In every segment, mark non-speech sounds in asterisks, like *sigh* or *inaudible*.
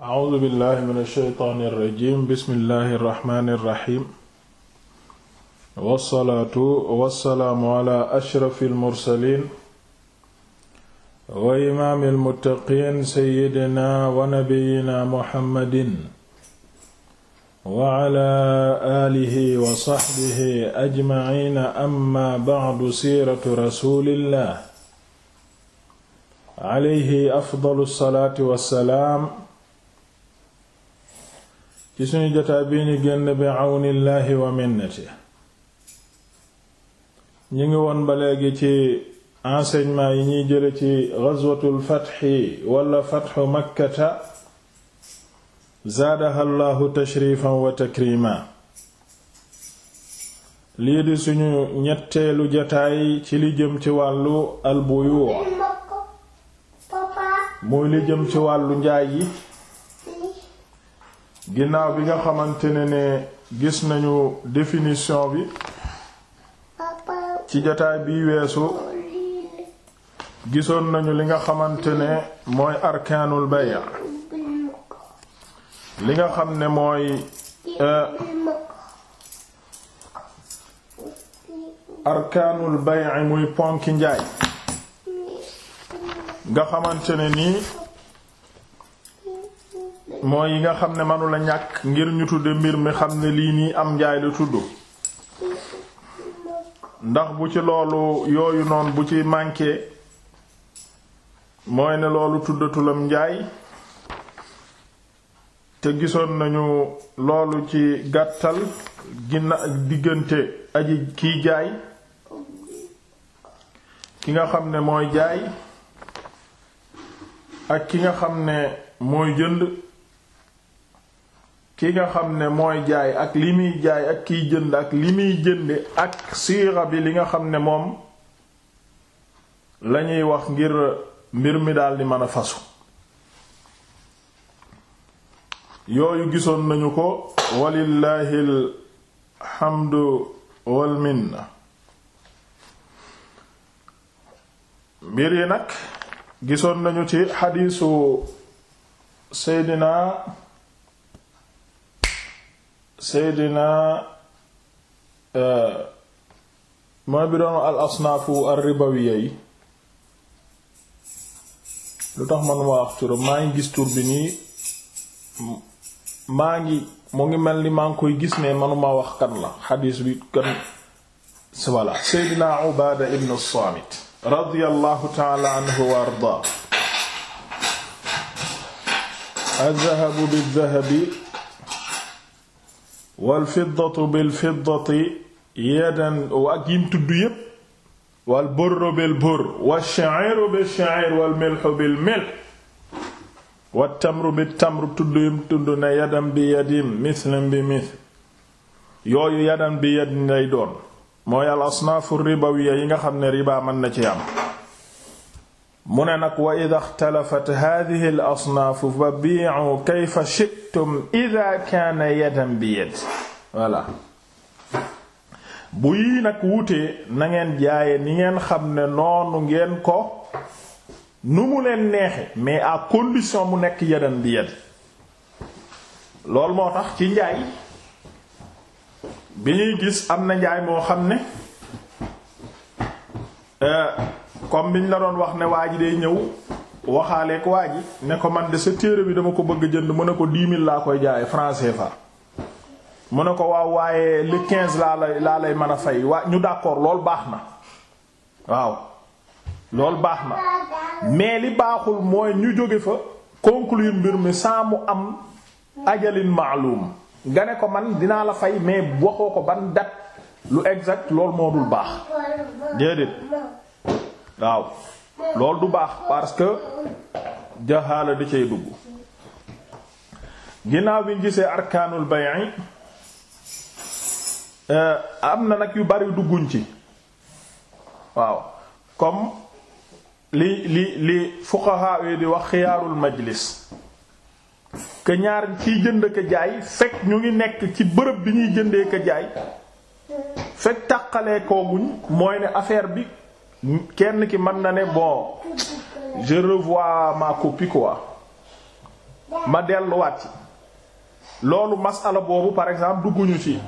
A'uuzu billahi mina shaytaani rajiim bismillahi rahmaani rahiim. Wassalaatu wassalaamu alaa ashrafil mursaliin. wa imaamil muttaqiin sayyidinaa wa nabiyyinaa Muhammadin. wa alaa aalihi wa sahbihi ajmaciina amma ba'du siiratu rasuulillah. alayhi afdalu salaati wa salaam. ci suñu jotaay bii ñu génn bi àwnillaahi wa minnati ñu ngi woon ba léegi ci enseignement yi ñuy jële ci ghazwatul fatxi wala fatxu makkata zaadaha allahu tashrifan wa takrima lii di suñu ñetteelu jotaay ci li jëm ci wàllu albuyu muy li jëm ci wàllu njaay yi ginnaaw bi nga xamante ne gis nañu définition bi ci jotaay bi weesu gisoon nañu li nga xamante ne mooy arkaanul bay' li nga xam ne mooy eh, arkaanul bay' muy ponki njaay nga xamante ne nii mooy yi nga xam ne manu ñàkk ngir ñu tudde mbir mi xam ne lii nii am njaay lu tudd ndax bu ci loolu yooyu noon bu ci manqué mooy ne loolu tuddatulam njaay te gisoon nañu loolu ci gàttal ginna diggante aji kiy jaay ki nga xam ne mooy jaay ak ki nga xam ne mooy jënd ki nga xam ne mooy jaay ak li muy jaay ak kiy jënd ak li muy jënde ak siira bi li nga xam ne moom lañuy wax ngir mbir mi daal di mën a fasu yooyu gisoon nañu ko walillahi alhamdu wal mbir yi nag gisoon nañu ci xadiisu seydinaa seydina e, mooy bi al asnaafu ar ribawiya lu tax man ma maa ngi gis tur maa ngi mu ngi mel ni maa ngi koy gis ne manuma wax kan la xadiis bi kan si walla seydina ubaada ibnu saamit radiyallahu taala anhu wa ardaa al dhahabu bi dhahabi wal fiddatu bil ak yim tudd yépp wal burru bil burr wal sha'iru bil sha'ir wal milhu bil milh wat tamru bit tamru tudd yim tudd ne yadan bi yadim mislan bi misl yooyu yadan bi yadin lay doon mooy al asnaafu ribawiya yi nga xam ne riba mën na ci am mu ne nag wa ida xtalafat hadihi al asnaafu fa biicu kayfa shi'tum ida kaana yadan bi yad voilà bu yii nag wutee na ngeen jaaye ni ngeen xam ne noonu ngeen ko nu mu leen neexe mais à mu nekk yadan bi yad loolu moo tax ci njaay bi ñuy gis am na njaay moo xam ne euh, comme biñ la doon wax ne waa ji day ñëw waxaaleeg waa ji ne ko man de sa téere bi dama ko bëgg jënd mu ne ko dix mille laa koy jaay franc CFA mu ne ko waaw waaye le quinze laa lay laa mën a fay waa ñu d'accord loolu baax na waaw loolu baax na mais li baaxul mooy ñu jóge fa conclure mbir mi sans mu am ajalin maalum gane ko man dinaa la fay mais waxoo ko ban date lu exact loolu moo dul baax déedéet waaw loolu du baax parce que jaxaala da cay dugg ginnaaw bi ñu gisee arkaanul bay'i eh, am na nag yu bari dugguñ ci waaw comme li li li fuqaha di wax xiyaarul majlis que ñaar ciy jënd ka jaay fekk ñu ngi nekk ci bërëb bi ñuy jëndee ka jaay fekk tàqalee kooguñ mooy ne affaire bi kenn ki mën na ne bon je revois ma copie ma delluwaat ci loolu masala boobu par exemple dugguñu ci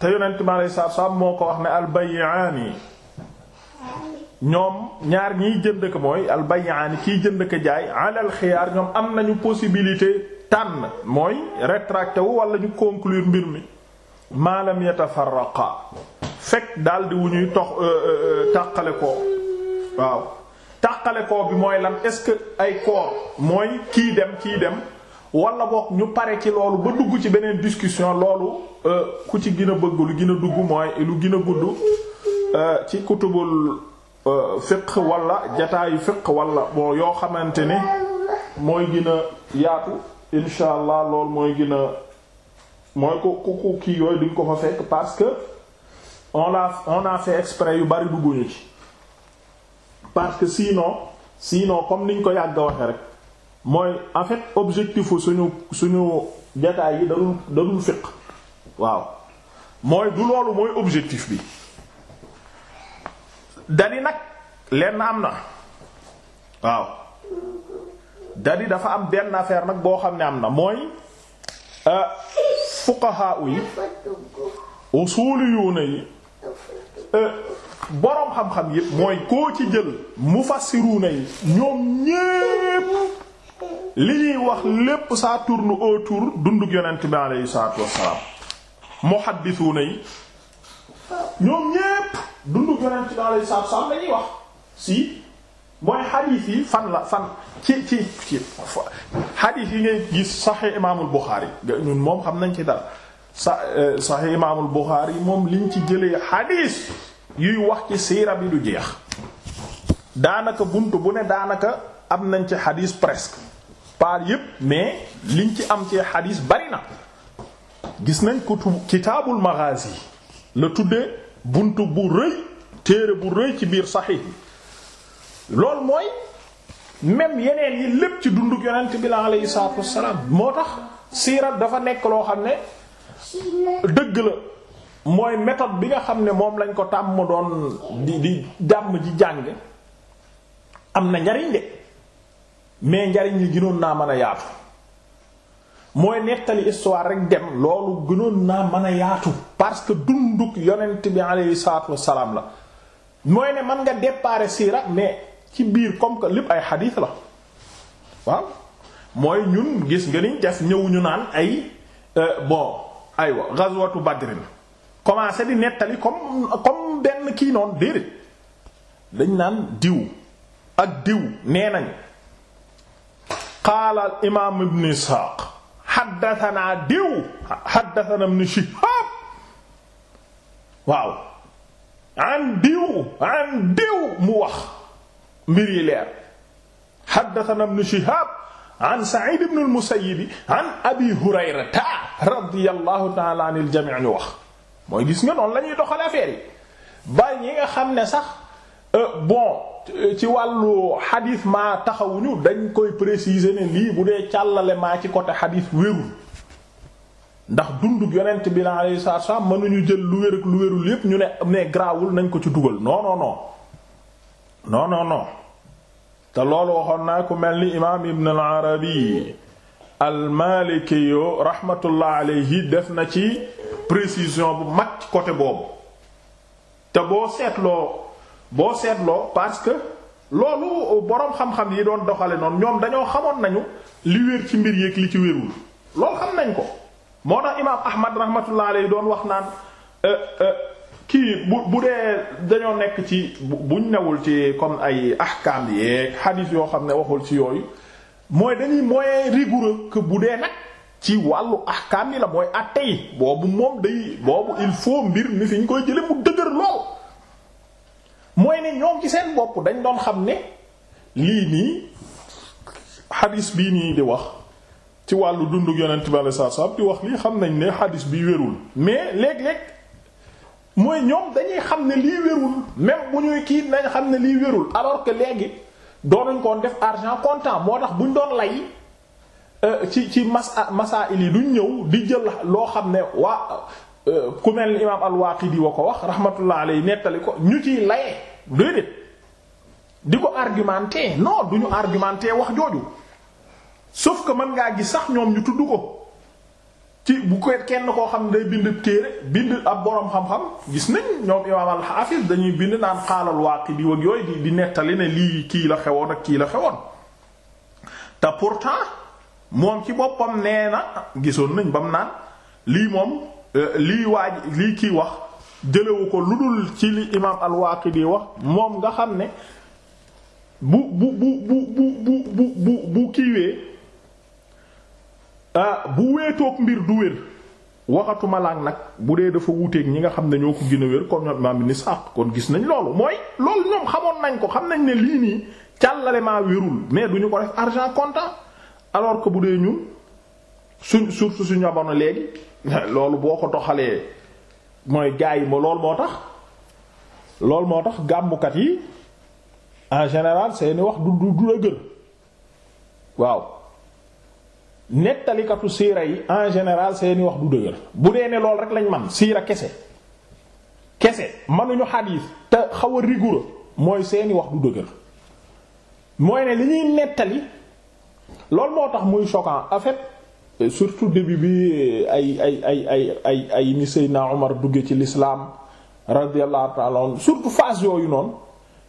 te yonent mi alayhi salaatu moo ko wax ne albayiaani ñoom ñaar ñiy jënd ko mooy albayiaani kiy jënd ko jaay alal xiyaar ñoom am nañu possibilité tànn mooy rétracté wu wala ñu conclure mbir mi maalam yatafarraqa fekk daldi wu ñuy tox euh, euh, euh, tàqale koo waaw tàqale ko bi mooy lan est-ce que ay koor mooy kii dem kii dem walla boog ñu pare ci loolu ba dugg ci beneen discussion loolu ku ci gën a bëgg lu gën a dugg mooy lu gën a gudd ci kutubul fiqh wala jataayu fiqh wala bon yoo xamante ni mooy gën a yaatu insha allah lool mooy gën a mooy ko ku kii yooyu duñ ko fa fekk parce que on l'a on a fait exprès yu bari dugguñu ci parce que sinon sinon comme niñ ko yàgg waxe rek mooy en fait objectifu suñu suñu jataay yi dalul dalul fiq waaw mooy du loolu mooy objectif bi dadi nag lenn am na waaw dadi dafa am benn affaire nag boo xam ne am na mooy euh, fuqaha yi usuliyuna yi Euh, boroom xam-xam yépp mooy koo ci jël mufassiruna yi ñoom ñépp li ñuy wax lépp ça tourne autour dunduk yonent bi aleyhi salaatu wassalaam muhaddisuna yi ñoom ñépp dunduk yonent salaatu wassalaam si mooy xadiis yi fan la fan ci ci ci xadiis yi ngay gis Sahih Imaamul Buxaari ñun moom xam nañ ci dara sa euh, saxi imaamul Buxaari moom li ñu ci jëlee xadiis yuy wax ci siira bi du jeex daanaka bunt bu ne daanaka am nañ ci xadiis presque par yépp mais liñ ci am ci xadiis bari na gis nañ kutub kitaabul maghazi la tudde bunt bu rëy téere bu rëy ci biir saxiix yi loolu mooy même yeneen yi lépp ci dunduk yonent bi la alayhi salaatu wassalaam moo tax siira dafa nekk loo xam ne dëgg la mooy méthode bi nga xam ne moom lañ ko tàmm doon di di dàmm ji jàng am na njariñ de mais njariñ li gënoon naa mën a yaatu mooy nettali histoire rek dem loolu gënoon naa mën a yaatu parce que dunduk yonent bi alayhi salaatu wassalaam la mooy ne mën nga déparé siira mais ci biir comme que lépp ay xadiis la waaw mooy ñun gis nga niñ def ñëwuñu naan ay euh, bon aywa ghazwatu badrin commencé di nettali comme comme benn kii noonu déedéet dañ naan diw ak diw nee nañ qaala al imaam ibn isxaaq xaddatanaa diw xaddatana ibn shihaab waaw an diw an diw mu wax mbir yi leer xaddatana ibn shihaab an Sa'id ibn al-Musayyib an Abi Hurayrata radiyallahu ta'ala anil jami' ñu wax mooy gis nga noonu lañuy ñuy doxal affaire ba ñi nga xam ne sax euh, bon ci wàllu xadis maa taxawuñu dañ koy préciser ne lii bu dee càllale maa ci côté xadis wérul ndax dundug yonent bi la alayhi salaatu wasallam mënuñu jël lu wér ak lu wérul yépp ñu ne ne grawul nañ ko ci dugal non non non non te loolu waxoon naa ku mel ni imaam Ibn al-Arabi al-Maliki yo rahmatullah alayhi def na ci précision bu mag ci côté boobu te boo seetloo boo seetloo parce que loolu boroom xam-xam yi doon doxale noonu ñoom dañoo xamoon nañu li wér ci mbir yéeg li ci wérul loolu xam nañ ko moo tax imaam Ahmad rahmatullah alayhi doon wax naan. Euh, euh, kii bu bu dee dañoo nekk ci buñ newul ci comme ay ahkaam yeeg xadiis yoo xam ne waxul ci yooyu mooy dañuy moyen rigoureux que bu dee nag ci wàllu ahkaam yi la mooy àtte yi boobu moom day boobu il faut mbir mi fi ñu koy jële mu dëgër lool mooy ne ñoom ci seen bopp dañ doon xam ne lii nii xadiis bii nii di wax ci wàllu dund yonent bi sallallahu alayhi di wax lii xam nañ ne xadiis bi wérul mais léeg-léeg mooy ñoom dañuy xam ne lii wérul même bu ñuy kii nañ xam ne lii wérul alors que léegi doonuñ koon def argent comptant moo tax bu ñu doon lay euh, ci ci masa masaa'il yi duñ ñëw di jël loo xam ne waa euh, ku mel ni imaam al ko wax rahmatullah alayhi nettali ko ñu ciy laye déedéet di ko argumenter du ñu argumenter wax jooju sauf que mën ngaa gis sax ñoom ñu tudd ko ci bu kenn koo xam ne day bind téere bind ab boroom xam-xam gis nañ ñoom imaam al dañuy bind naan xaalal Waaqidi wag yooyu di nettali ne lii kii la xewoon ak kii la xewoon te pourtant moom ci boppam nee na gisoon nañ ba mu naan lii moom euh, lii waaj lii kii wax jëlewu ko lu dul ci li imaam al-Waaqidi wax moom nga xam ne bu bu bu bu bu bu bu bu kiiwee Ah, bu weetoog mbir du wér waxatuma laag nag bu dee dafa wuuteeg ñi nga xam ne ñoo ko gën a wér comme bi ni Isaaq kon gis nañ loolu mooy loolu ñoom xamoon nañ ko xam nañ ne lii nii càllale maa wérul mais du ñu ko def argent comptant alors que bu dee ñun suñ surtout suñu amoon léegi *laughs* loolu boo ko doxalee mooy gaa yi ma loolu moo tax loolu moo tax gàmmukat yi en général seeni wax du du la gër waaw nettalikatu siira yi en général seeni wax du dëgër bu dee ne lool rek lañ man siira kese kese mënuñu xadiis te xaw a rigoureux mooy seeni wax du dëgër mooy ne li ñuy nettali loolu moo tax muy choquant en fait surtout début bi ay ay ay ay ay ay ni Seydina Omar dugge ci lislaam radiyallahu ta'ala anhu surtout phase yooyu noonu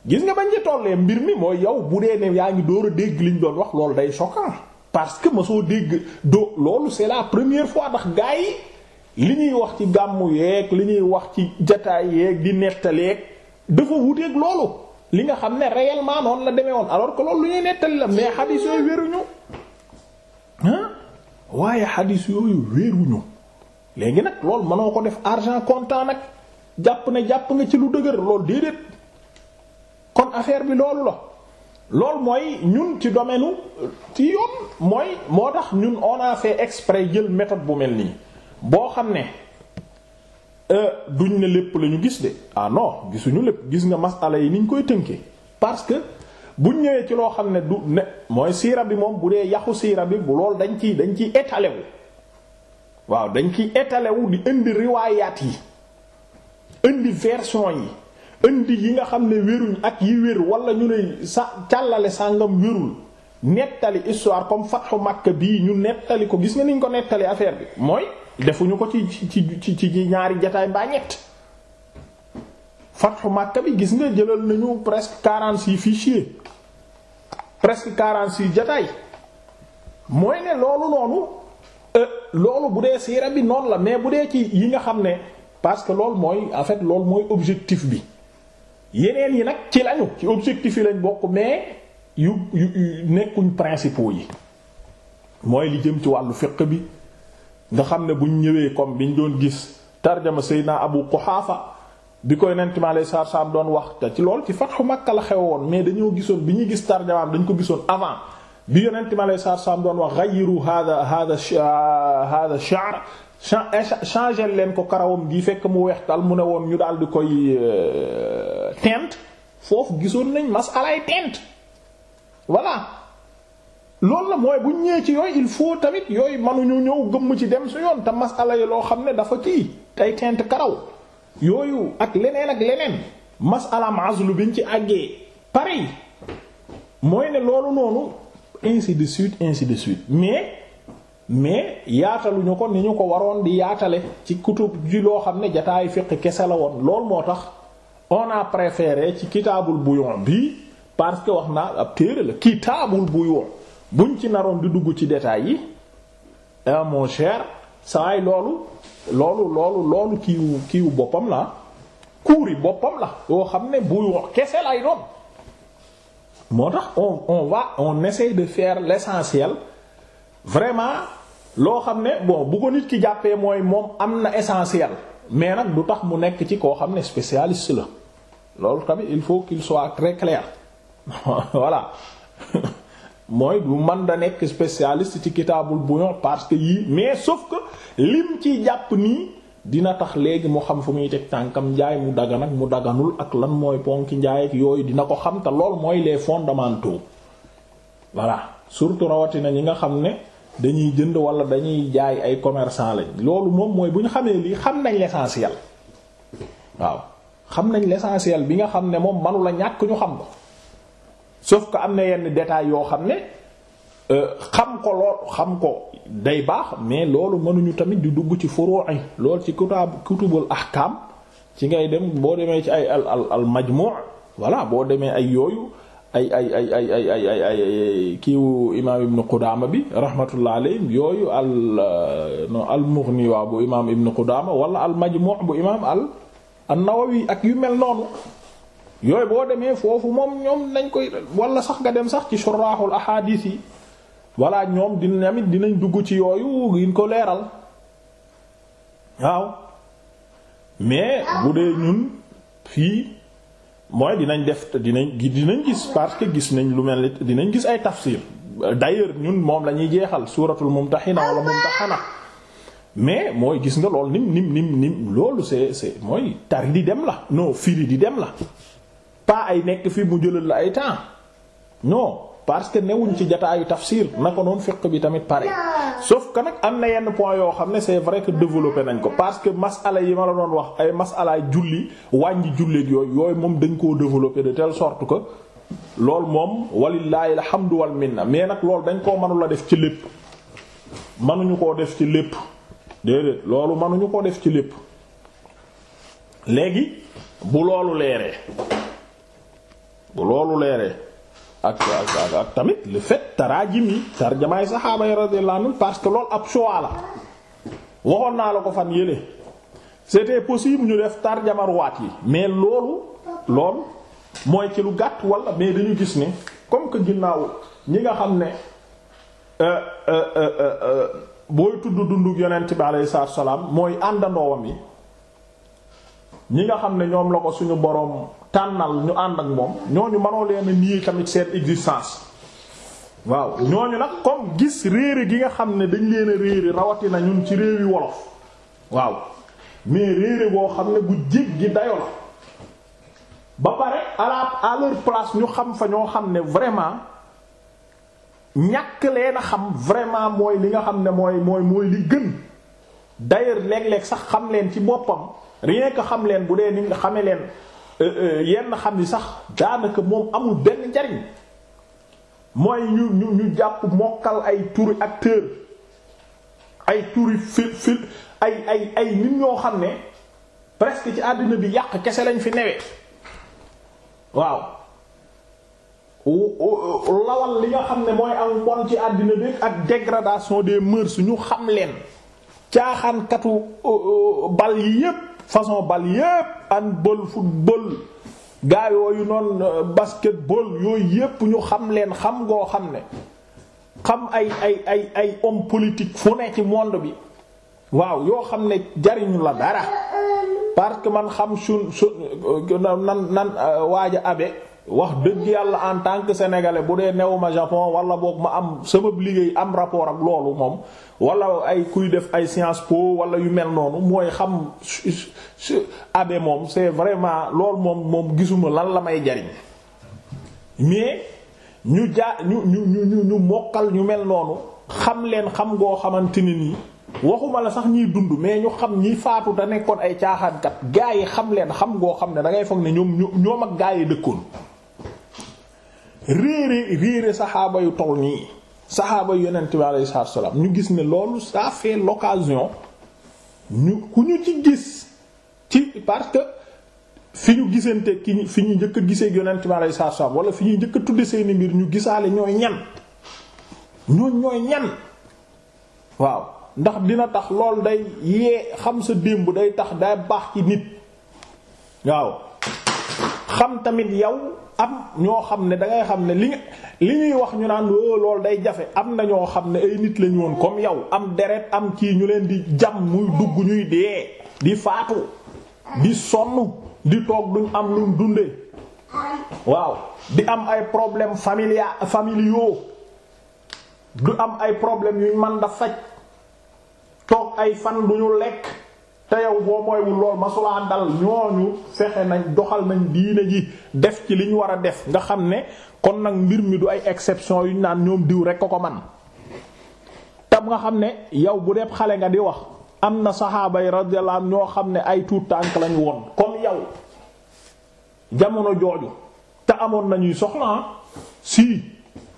gis nga bañ ci tollee mbir mi mooy yow bu dee ne yaa ngi dóor a dégg ñu doon wax loolu day choquant parce que ma soo dégg do loolu c'est la première fois ndax gaa li ñuy wax ci gàmmu yeeg li ñuy wax ci jataay yeeg di nettaleeg dafa wuteeg loolu li nga xam ne réellement noonu la demee woon alors que loolu lu ñuy nettali la mais xadis yooyu wéruñu ah waaye xadis yooyu wéruñu léegi nag loolu mënoo ko def argent comptant nag jàpp ne jàpp nga ci lu dëgër loolu déedéet kon affaire bi loolu la loolu mooy ñun ci domaine ci yoon mooy moo tax ñun on a fait jël méthode bu mel nii boo xam ne euh, duñ ne lépp la ñu gis de ah no gisuñu lépp gis nga masala yi ni ñu koy tënkee parce que buñ ñëwee ci loo xam ne du ne mooy siira bi moom bu dee yaxu siira bi bu lool dañ ciy dañ ciy étalé waaw dañ ciy étalé wu di indi riwaayaat yi indi version yi. indi yi nga xam ne wéruñ ak yi wér walla ñu ne sa càllale sàngam wérul nettali histoire comme fatxu Makka bii ñu nettali ko gis nga niñ ko nettali affaire bi mooy defuñu ko ci ci ci ci ñaari jataay mbaa ñett fatxu Makka bi gis nga jëlal nañu presque quarante-six fichiers presque quarante-six jataay mooy ne loolu noonu euh, loolu bu dee siira bi noonu la mais bu dee ci yi nga xam ne parce que loolu mooy en fait loolu mooy objectif bi yeneen yi nag ci lañu ci objectif yi lañ bokk mais yu yu nekkuñ principaux yi mooy li jëm ci wàllu fiqh bi nga xam ne buñ ñëwee comme bi ñu doon gis tarjama Seydina Abu Quhafa bi koy nent ma lay sar sam doon wax te ci lool ci Fathu Makka la woon mais dañoo gisoon bi ñuy gis tarjamaam dañ ko gisoon avant bi yonent ma lay sar sam doon wax ghayyiru hadha hadha hadha sha'r Eh, changer leen ko karawam gi fekk mu weex weextal mu ne woon ñu daal di koy euh, teint foofu gisoon nañ masalaay teint voilà loolu na mooy buñ ñëwee ci yooyu il faut tamit yooyu mënuñu ñëw gëmm ci dem su yoon te masala yi loo xam ne dafa kii tey teint karaw yooyu ak leneen ak leneen masalaam azlu biñ ci àggee pareil mooy ne loolu noonu ainsi de suite ainsi de suite mais mais yaataluñu ko ni ñu ko waroon di yaatale ci kutub ji loo xam ne jataayu fiq kese la woon lool moo tax on a préféré ci kitaabul buyon bi parce que wax naa ab téere la kitaabul buyon buñ ci naroon di dugg ci détails yi ah mon cher saay loolu loolu loolu loolu kiiwu kiiwu boppam la kuuri boppam la yoo xam ne buyon kese lay doon moo tax on on va on essaie de faire l'essentiel vraiment loo xam ne bon bu ko nit ki jàppee mooy moom am na essentiel mais nag du tax mu nekk ci koo xam ne spécialiste la loolu tamit il faut qu'il soit très clair *laughs* voilà mooy du man da nekk spécialiste ci kitaabul buyon parce que yii mais sauf que lim ci jàpp nii dina tax léegi mu xam fu muy teg tànkam njaay mu dagan ak mu daganul ak lan mooy ponki njaay ak yooyu dina ko xam te lool mooy les fondamentaux voilà surtout rawatina ñi nga xam ne dañuy jënd wala dañuy jaay ay commerçant lañ loolu moom mooy bu ñu xamee lii xam nañ l'essentiel waaw xam nañ l'essentiel bi nga xam ne moom manu la ñàkk ñu xam ko sauf que am na yenn détails yoo xam ne euh, xam ko lool xam ko day baax mais loolu mënuñu tamit di dugg ci furu'i lool ci kutaab kutubul ahkaam ci ngay dem boo demee ci ay al al al majmu' boo demee ay yooyu ay ay ay ay ay ay ay ay kiiwu imaam ibnu Qudaama bi rahmatullah alayhim yooyu al euh, non al Mughni waa bu imaam ibnu Qudaama wala al Majmu' bu imaam al an-Nawawi ak yu mel noonu yooyu boo demee foofu moom ñoom nañ koy wala sax nga dem sax ci shurahul ahadith yi walla ñoom dinamit dinañ dugg ci yooyu gin ko leeral waaw mais bu dee ñun fii mooy dinañ def dinañ dinañ gis parce que gis nañ lu mel ni dinañ gis ay tafsir d'ailleurs ñun moom la ñuy jeexal suuratul mumtaxina wala mumtaxana mais mooy gis nga lool nim nim nim nim loolu c'est c'est mooy tari di dem la non firi di dem la pas ay nekk fi mu jëlal la ay temps non parce que newuñ ci jataayu na ko noonu fiqh bi tamit pare sauf que nag am na yenn point yoo xam ne c'est vrai que développé nañ ko parce que masala yi ma la doon wax ay masalaay julli wàññi julleeg yooyu yooyu moom dañ koo développé de telle sorte que loolu moom walillaahi alhamdu wal minna mais nag loolu dañ koo mënula def ci lépp mënuñu koo def ci lépp déedéet loolu mënuñu koo def ci lépp léegi bu loolu leeree bu loolu leeree ak tamit le fet taraajim yi tarjamaay saxaaba yi radiyallahu parce que loolu ab choix la waxoon naa la ko fan yële c'était possible ñu def tarjama ruwaat yi mais loolu lool mooy ci lu gàtt wala mais dañu gis ne comme que ginnaaw ñi nga xam ne euh, euh, euh, booy tudd dunduk yonent bi alayhi salaam mooy àndandoowam yi ñi nga xam ne ñoom la ko suñu boroom tànnal ñu ànd ak moom ñooñu manoo leen a nier tamit seen existence waaw ñooñu nag comme gis réere gi nga xam ne dañ leen a réere rawatina ñun ci réewi wolof waaw mais réere boo xam ne bu jéggi dayo la ba pare à à place ñu xam fa ñoo xam ne vraiment ñàkk leen a xam vraiment mooy li nga xam ne mooy mooy mooy li gën d'ailleurs léeg-léeg sax xam leen ci boppam. rien que xam leen bu dee ni nga xame leen euh, euh, yenn xam ni sax daanaka moom amul benn njariñ mooy ñu ñu ñu jàpp mokkal ay turi acteur ay turi fil fil ay ay ay nit ñoo xam ne presque ci àddina bi yàq kese lañ fi newee waaw lawal li nga xam ne mooy am mbon ci àddina bi ak dégradation des mœurs ñu xam leen caaxaankatu euh, bal yi yépp façon bal yépp handball football gaa yooyu noonu euh, basketball yooyu yépp ñu xam leen xam ngoo xam ne xam ay ay ay ay homme politique fu ne ci monde bi waaw yoo xam ne jariñu la dara parce que man xam sun sun euh, nan nan euh, waaja abe wax dëgg yàlla en tant que sénégalais bu dee newuma japon wala boog ma am sama liggéey am rapport ak loolu moom wala ay kuy def ay Sciences Po wala yu mel noonu mooy xam abe moom c'est vraiment loolu moom moom gisuma lan la may jariñ mais ñu jaa ñu ñu ñu ñu mokkal ñu mel noonu xam leen xam goo xamante ne waxuma la sax ñiy dund mais ñu xam ñi faatu te nekkoon ay caaxaankat gaa yi xam leen xam goo xam ne da ngay foog ne ñoom ñoom ak gaa yi dëkkoon. réere réere saxaaba yu toll nii saxaaba yu yonent bi alayhi salaam ñu gis ni loolu ça fait l'occasion ñu ku ñu ci gis ci parce que fi ñu gisante ki fi ñu njëkk gisee yonent bi alayhi salaam wala fi ñuy njëkk a tudde seeni mbir ñu gisaale ñooy ñan ñooñ ñooy ñan waaw ndax dina tax lool day yee xam sa démb day tax day baax ci nit waaw xam tamit yow am ñoo xam ne dangay xam ne li li ñuy wax ñu naan oh, lool day jafe am na ñoo xam ne ay nit lañu woon comme yow am deret am kii ñu leen di jam muy dugg ñuy dee di faatu di sonn di toog duñ am luñ dundee waaw di am ay problème familia familiaux du am ay problème yuñ man da faj toog ay fan duñu lekk te yow boo mooywul lool masulaa dal ñooñu fexe nañ doxal nañ diine ji def ci li ñu war a def nga xam ne kon nag mbir mi du ay exception yu ñu naan ñoom diw rek a ko man tam nga xam ne yow bu dee xale nga di wax am na saxaaba yi radiyallahu ñoo xam ne ay tuut tànk lañu woon comme yow jamono jooju te amoon nañuy soxla ah si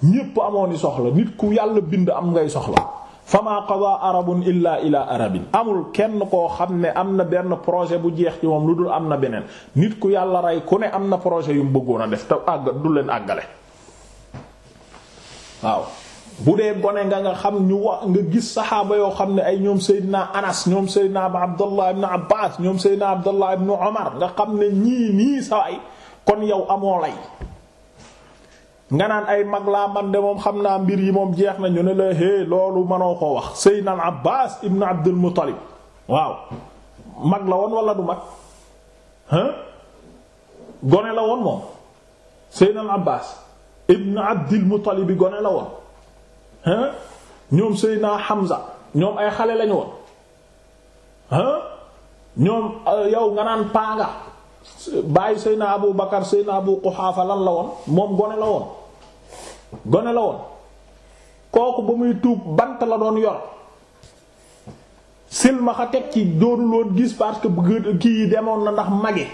ñépp amoon i soxla nit ku yàlla bind am ngay soxla fama qada arabun illa ila arabin amul kenn koo xam ne am na benn projet bu jeex ci moom lu dul am na beneen nit ku yàlla rey ku ne am na projet yu mu bëggoon a def te àgg du leen àggale waaw bu dee gone nga nga xam ñu wax nga gis saxaaba yoo xam ne ay ñoom Seydina Anas ñoom Seydina Abdallah ibn Abbas ñoom Seydina Abdallah ibn Omar nga xam ne ñii nii sa ay kon yow amoo lay nga naan ay mag laa man de moom xam naa mbir yi moom jeex na ñu ne la hé loolu mënoo koo wax Seydina al Abbaas ibn Abdul Muttalib waaw mag la woon walla du mag hein gone la woon moom Seydina al Abbaas ibn Abdul Muttalib bi gone la woon hein ñoom Seydina Hamza ñoom ay xale lañu woon hein ñoom euh, yow nga naan paanga bàyyi Seydina Abu Bakar Seydina Abu Quhaafa lan la woon moom gone la woon gone la woon kooku ba muy tuub bant la doon yor silmaxa teg ci doonul woon gis parce que kii demoon na ndax mage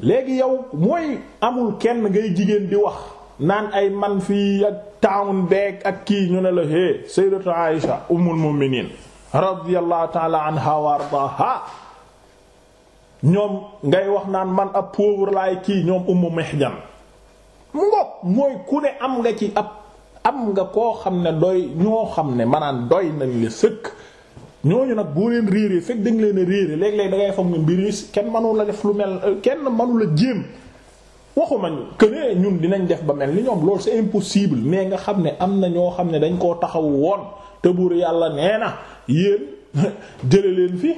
léegi yow mooy amul kenn ngay jigéen di wax naan ay man fii ak taawun ak kii ñu ne la hé sayyidatu Aïsha ummul mu'minin radiyallahu ta'ala anha wa ardaha ñoom ngay wax naan man ab pauvre laay kii ñoom ummu mihjan mu ngoog mooy ku ne am nga ci ab am nga koo xam ne doy ñoo xam ne maanaam doy nañ la sëkk ñooñu nag boo leen yi fekk dañ leen a réere léeg-léeg da ngay foog ne kenn mënu la def lu mel euh, kenn mënu la jéem waxuma que ne ñun dinañ def ba mel ni ñoom loolu c'est impossible mais nga xam ne am na ñoo xam ne dañ koo taxaw woon te buur yàlla nee na yéen *laughs* jële leen fi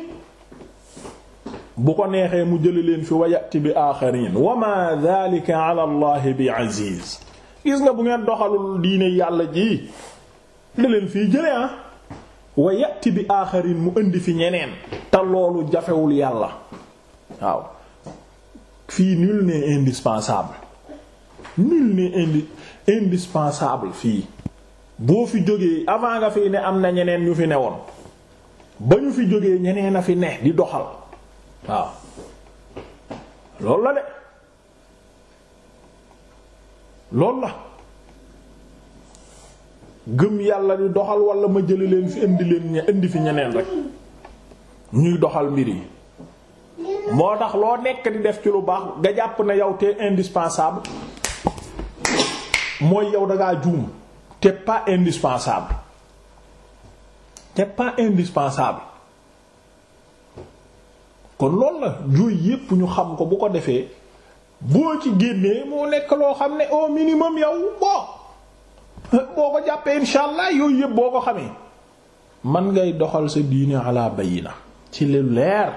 bu ko neexee mu jëli leen fi wayati bi aaxarin wa ma dhalika ala allah bi aziz gis nga bu ngeen doxalul diine yàlla ji da leen fii jële ah wayati bi aaxarin mu indi fi ñeneen te loolu jafewul yàlla waaw fii nul n'est indi indispensable fii boo fi jógee avant nga fi ne am na ñeneen ñu fi newoon ba ñu fi jógee ñeneen a fi ne di doxal waaw loolu la de loolu la gëm yàlla di doxal walla ma jëli leen fi indi leen indi fi ñeneen rek ñuy doxal mbir yi moo tax loo nekk di def ci lu baax nga jàpp na yow te indispensable mooy yow dangaa juum te pas indispensable te pas indispensable kon loolu la yooyu yépp ñu xam ko bu ko defee boo ci génnee moo nekk loo xam ne au minimum yow boo boo ko jàppee insha allah yépp boo ko xamee man ngay doxal sa diine ala na ci lu leer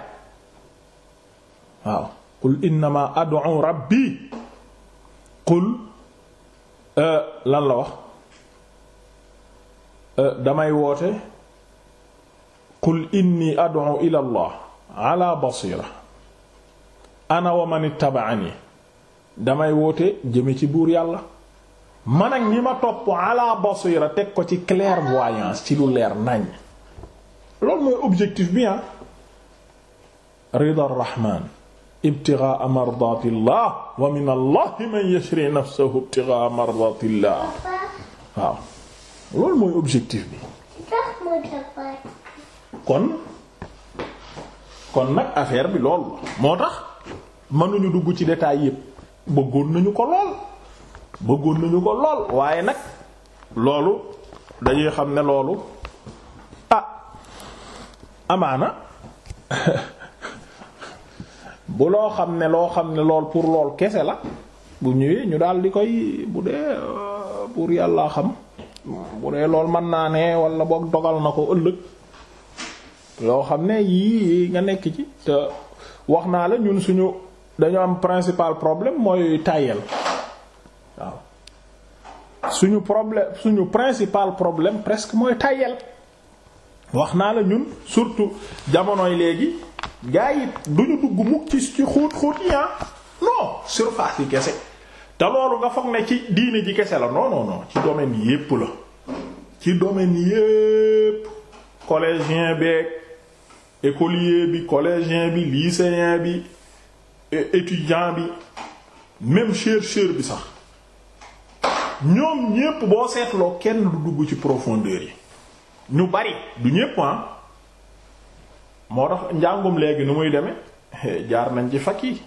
waaw qul innama ad'u rabbi qul euh, lan la wax euh, damay woote qul inni ad'u ila ala basira ana wa man ittaba'ani damay woote jëme ci buur yàlla man ak ñi ma topp ala basira teg ko ci clairvoyance ci lu leer nañ loolu mooy objectif bi ah rida rahman ibtigaa mardatillah wa min allah man yashri nafsahu ibtigaa mardatillah waaw loolu mooy objectif bi kon kon nag affaire bi lool moo tax mënuñu dugg ci détail yépp bëggoon nañu ko lool bëggoon nañu ko lool waaye nag loolu dañuy xam ne loolu ah amaana *laughs* bu loo xam ne loo xam ne lool pour lool kese la bu ñëwee ñu daal di koy bu dee euh, pour yàlla xam bu dee lool mën naa ne walla boog dogal na ko ëllëg loo xam ne yii nga nekk ci te wax naa la ñun suñu dañu am principal problème mooy tayel waaw suñu problème suñu principal problème presque mooy tayel wax naa la ñun surtout jamonoy léegi gaa yi duñu dugg mukk ci ci xóot xóot yi ah non yi kese te loolu nga foog ne ci diine ji kese la non non non ci domaine yépp la ci domaine yépp collégien beeg écolier bi collégien bi lycéen bi étudiant bi même chercheur bi sax ñoom ñépp boo seetloo kenn du dugg ci profondeur yi ñu bari du ñépp ah moo tax njàngum léegi nu muy deme *laughs* jaar nañ ci fac yi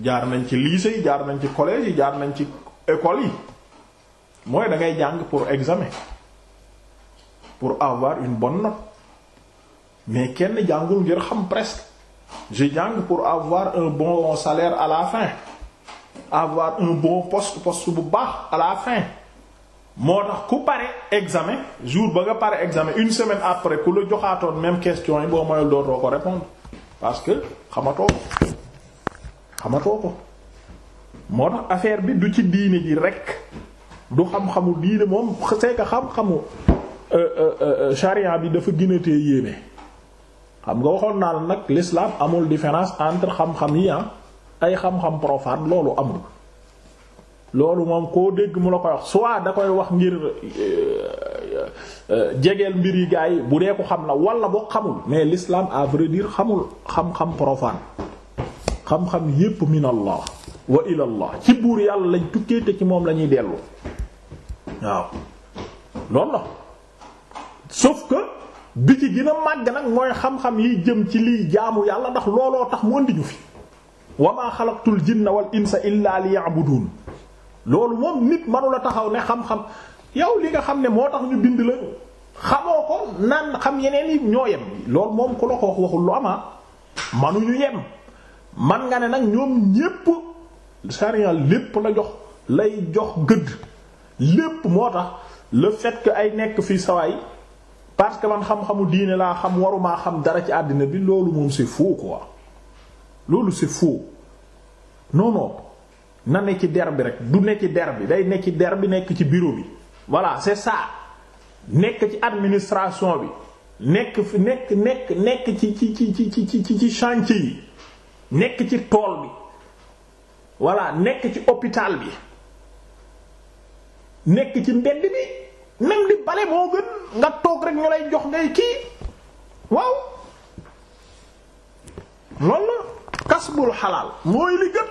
jaar nañ ci lycée yi jaar nañ ci collège yi jaar nañ ci école yi mooy da ngay jàng pour examen pour avoir une bonne note mais kenn jàngul ngir xam presque je jàng pour avoir un bon salaire à la fin avoir un bon poste poste bu baax à la fin moo tax ku pare examen jour ba nga pare examen une semaine après ku la joxaatoon même question yi boo mayul dootoo ko répondre parce que xamatoo ko xamatoo ko moo tax affaire bi du ci diine ji rek du xam-xamu diine moom c'est que xam-xamu charia euh, euh, euh, bi dafa gën a xam nga waxoon naa la nag l'islam amul différence entre xam-xam yi ah, ay xam-xam profane loolu amul loolu moom koo dégg mu la koy wax soit da koy wax ngir euh, euh, jegeel mbir yi gars yi bu dee ko xam la wala boo xamul mais l'islam à vrai dire xamul xam-xam profane xam-xam yépp min allah wa ila allah ci buur yàlla lañ tukkee te ci moom lañuy ñuy dellu waaw loolu la sauf que bi ci gën a màgg nag mooy xam-xam yi jëm ci liy jaamu yàlla ndax looloo tax mu andi ñu fi wa maa xalaqtul jinna wal insa illaa liya'budun loolu moom nit mënula taxaw ne xam-xam yow li nga xam ne moo tax ñu bind la xamoo ko naan xam yeneen yi ñoo yem loolu moom ku la ko wax waxul lu ama ah, manuñu yem man nga ne nag ñoom ñépp sariya lépp la jox lay jox gëdd lépp moo tax la fait ay nekk fii sawaay parce que man xam-xamu diine laa xam warumaa xam dara ci àddina bi loolu moom c'est faux quoi loolu c'est faux non na ne ci der bi rek du ne ci der bi day ne ci der bi nekk ci bureau bi voilà c'est ça nekk ci administration bi nekk fi nekk nekk nekk ci ci ci ci ci ci ci yi nekk ci tool bi voilà nekk ci hôpital bi nekk ci mbedd bi même di bale moo gën nga toog rek ñu lay jox ngay kii waaw loolu la kasbul xalaal mooy li gën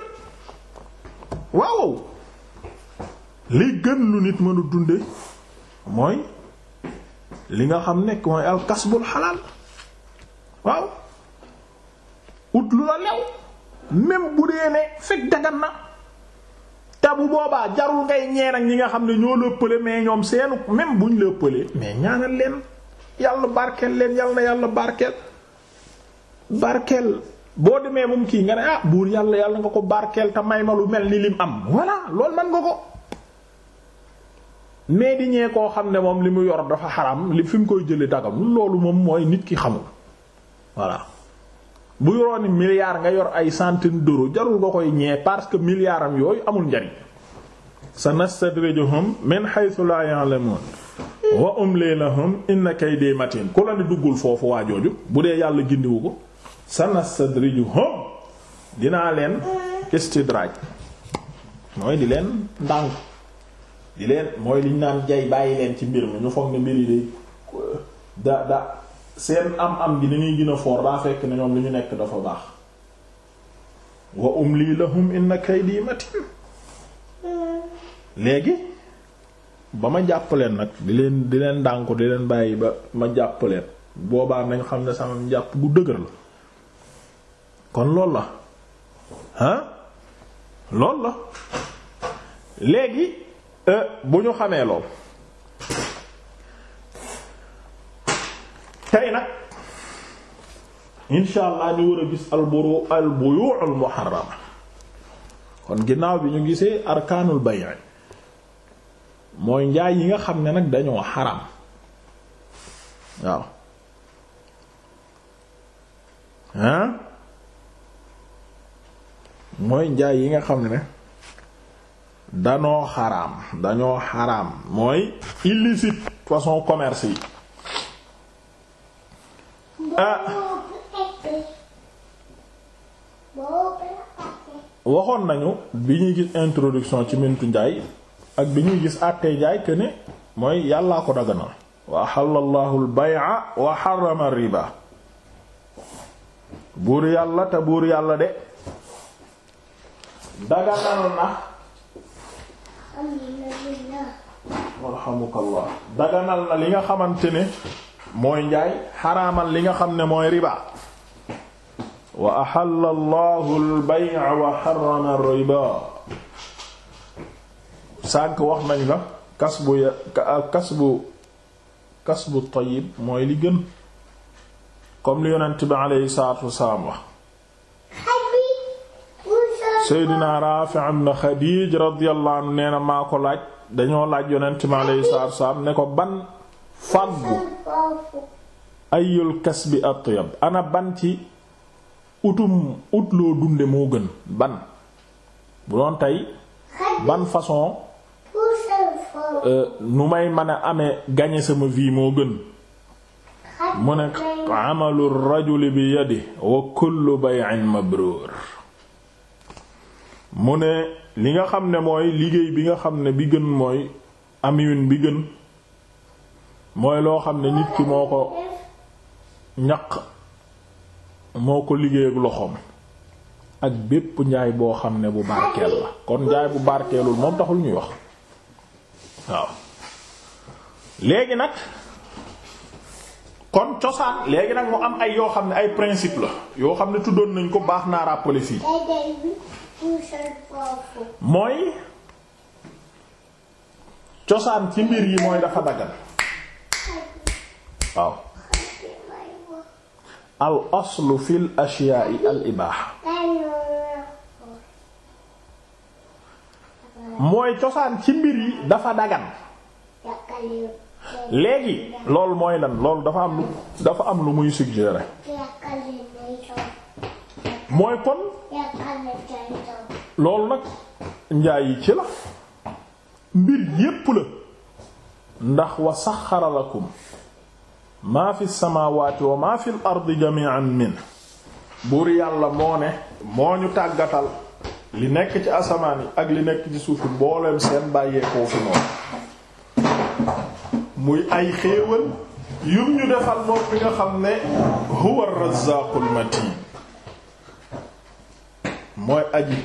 waaw li gën lu nit mënu dunde mooy li nga xam nekk mooy al kasbul xalaal waaw ut lu la lew même bu dee ne fekk dagan na ta boobaa jarul ngay ñeen ak ñi nga xam ne ñoo lëppale mais ñoom seenu même la pële mais ñaanal leen yàlla barkeel leen yàlla na yàlla barkeel barkeel boo demee moom kii nga ne ah buur yàlla yàlla nga ko barkeel te may ma lu mel ni lim am voilà loolu man nga ko mais di ñee koo xam ne moom li mu yor dafa xaram li fi mu koy jële dagam loolu moom mooy nit ki xamul voilà bu yoroon milliard nga yor ay centaine d'euros jarul nga koy ñee parce que milliard yooyu amul njariñ sanastadrijuhum min haythu la ya'lamun wa umli lahum inna kaydi matin ku la ne duggul foofu waa jooju bu dee yàlla gindiwu ko sanastadrijuhum dinaa leen istidraj mooy di leen ndànk di leen mooy liñ naan jay bàyyi leen ci mbir mi ñu foog ne mbir yi day da seen am-am gi ni ñuy gën a foor daa fekk ne ñoom li ñu nekk dafa baax wa umli lahum inna kaydi matin léegi ba ma leen nag di leen di leen dànku di leen bàyyi ba ma jàppaleen boobaa nañu xam ne sama jàpp bu dëgër la kon lool la ah lool la léegi euh, bu ñu xamee lool tey nag insha allah ñu war a gis al buru al buyu'ul kon ginnaaw bi ñu gisee arkaanul bay' mooy njaay yi nga xam ne nag dañoo xaram waaw mooy njaay yi nga xam ne danoo xaraam dañoo xaraam mooy illicite façon commerce yi waxoon nañu bi ñuy gis introduction ci mintu njaay ak bi ñuy gis àttee njaay que ne mooy yàllaa ko daganal wa axalla allahu wa xarama riba buur yàlla te buur yàlla de daganal na alhamdulilah na li nga xamante ne mooy njaay xaraamal li nga xam ne mooy riba wa axalla allahu al wa xarama ar-riba wax nañ la kasbu ya kasbu kasbu tayyib mooy li gën comme li yonent bi aleyhi salaatu wasalaam seydina Raafi ibn Xadiij radiyallahu nee na maa ko laaj dañoo laaj yonent bi aleyhi salaatu wasalaam ne ko ban fàggu ayul kas bi atyab ana ban ci utum ut loo dunde moo gën ban bu doon tey ban façon euh, nu may mën a amee gañe sama vie moo gën mu ne amalu rajuli bi yadi wa kullu bay'in mabrur mu ne li nga xam ne mooy liggéey bi nga xam ne bi gën mooy amiyun bi gën mooy loo xam ne nit ki moo ko ñaq moo ko liggéey loxoom ak bépp njaay boo xam ne bu barkeel la kon njaay bu barkeelul moom taxul ñuy wax waaw léegi nag kon cosaan léegi nag mu am ay yoo xam ne ay principe la yoo xam ne tuddoon nañ ko baax naa rappeler fii mooy cosaan ci mbir yi mooy dafa dagal waaw al aslu fil ashya'i al ibaha mooy cosaan ci mbir yi dafa dagan léegi loolu mooy lan loolu dafa am lu dafa am lu muy suggérer mooy kon loolu nag njaay yi ci la mbir yépp la ndax wa sax lakum maa fi samaawaati wa maa fi al-ardi jami'an min buur yàlla moo ne moo ñu tàggatal li nekk ci asamaan yi ak li nekk ci suufi booleem seen bàyyeekoo fi noonu muy ay xéewal yum ñu defal moom bi nga xam ne huwa ar-razzaaqul mooy aji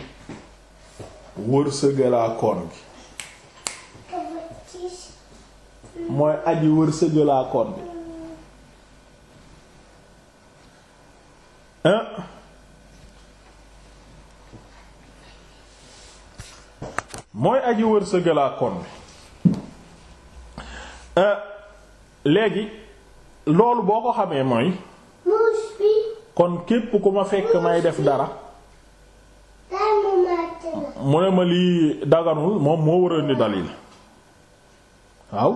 wërsëgalaa koon gi mooy aji wër sëgalaakoon bi mooy aji wër sëgalaakoon bi léegi loolu boo ko xamee mooy kon képp ku ma fekk may def dara mu ne ma lii daganul moom moo war a indi waaw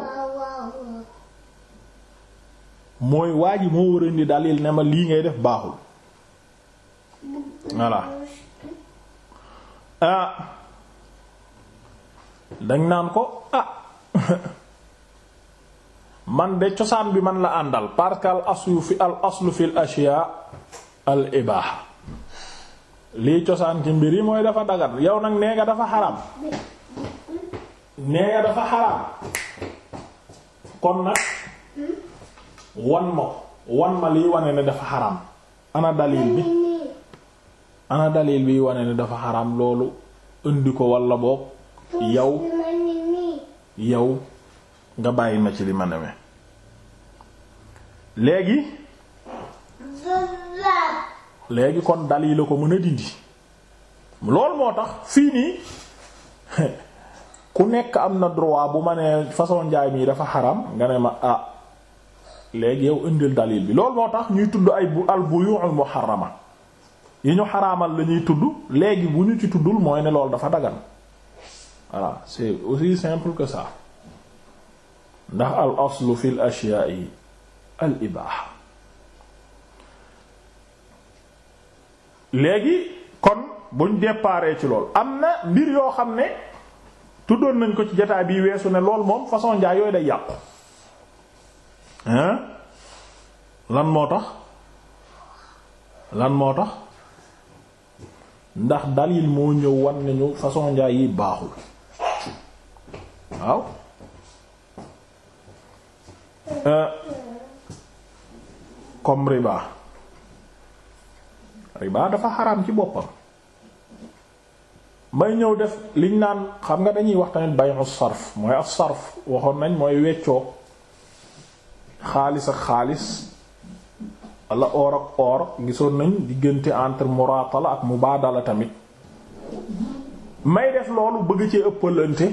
mooy waa ji moo war a dalil ne ma lii ngay def baaxul voilà ah dañ naan ko ah *laughs* man de cosaan bi man la àndal parce que al aslu fi al aslu fi al al ibaha lii cosaan ci mbir yi mooy dafa dagat yow nag nee nga dafa xaram nee nga dafa xaram kon nag wan ma wan ma liy wane ne dafa xaram ana dalil bi ana dalil bi wane ne dafa xaram loolu indi ko walla boog yow yow nga bàyyi ma ci li ma newee léegi léegi kon dalil la ko mën a dindi loolu moo tax fii nii *laughs* ku nekk am na droit bu ma nee façon njaay mii dafa xaram nga ne ma ah léegi yow indil dalil bi loolu moo tax ñuy tudd ay bu al buyu'ul xarama yi ñu xaraamal la ñuy tudd léegi bu ñu ci tuddul mooy ne lool dafa dagan voilà c'est aussi simple que sax ndax al aslu fi l ashyaa'i al ibaaha léegi kon buñ déparé ci lool am na mbir yoo xam ne tuddoon nañ ko ci jotaay bi weesu ne lool moom façon njaay yooyu day yàqu hein lan moo tax lan moo tax ndax dalil moo ñëw wan nañu façon njaay yi baaxul waaw euh, comme riba riba dafa xaraam ci boppam may ñëw def liñ naan xam nga dañuy wax tamit bay'u sarf mooy as-sarf waxoon nañ mooy weccoo xaalis ak xaalis la or ak or gisoon nañ diggante entre muratala ak mubadala tamit may def loolu bëgg ci ëppalante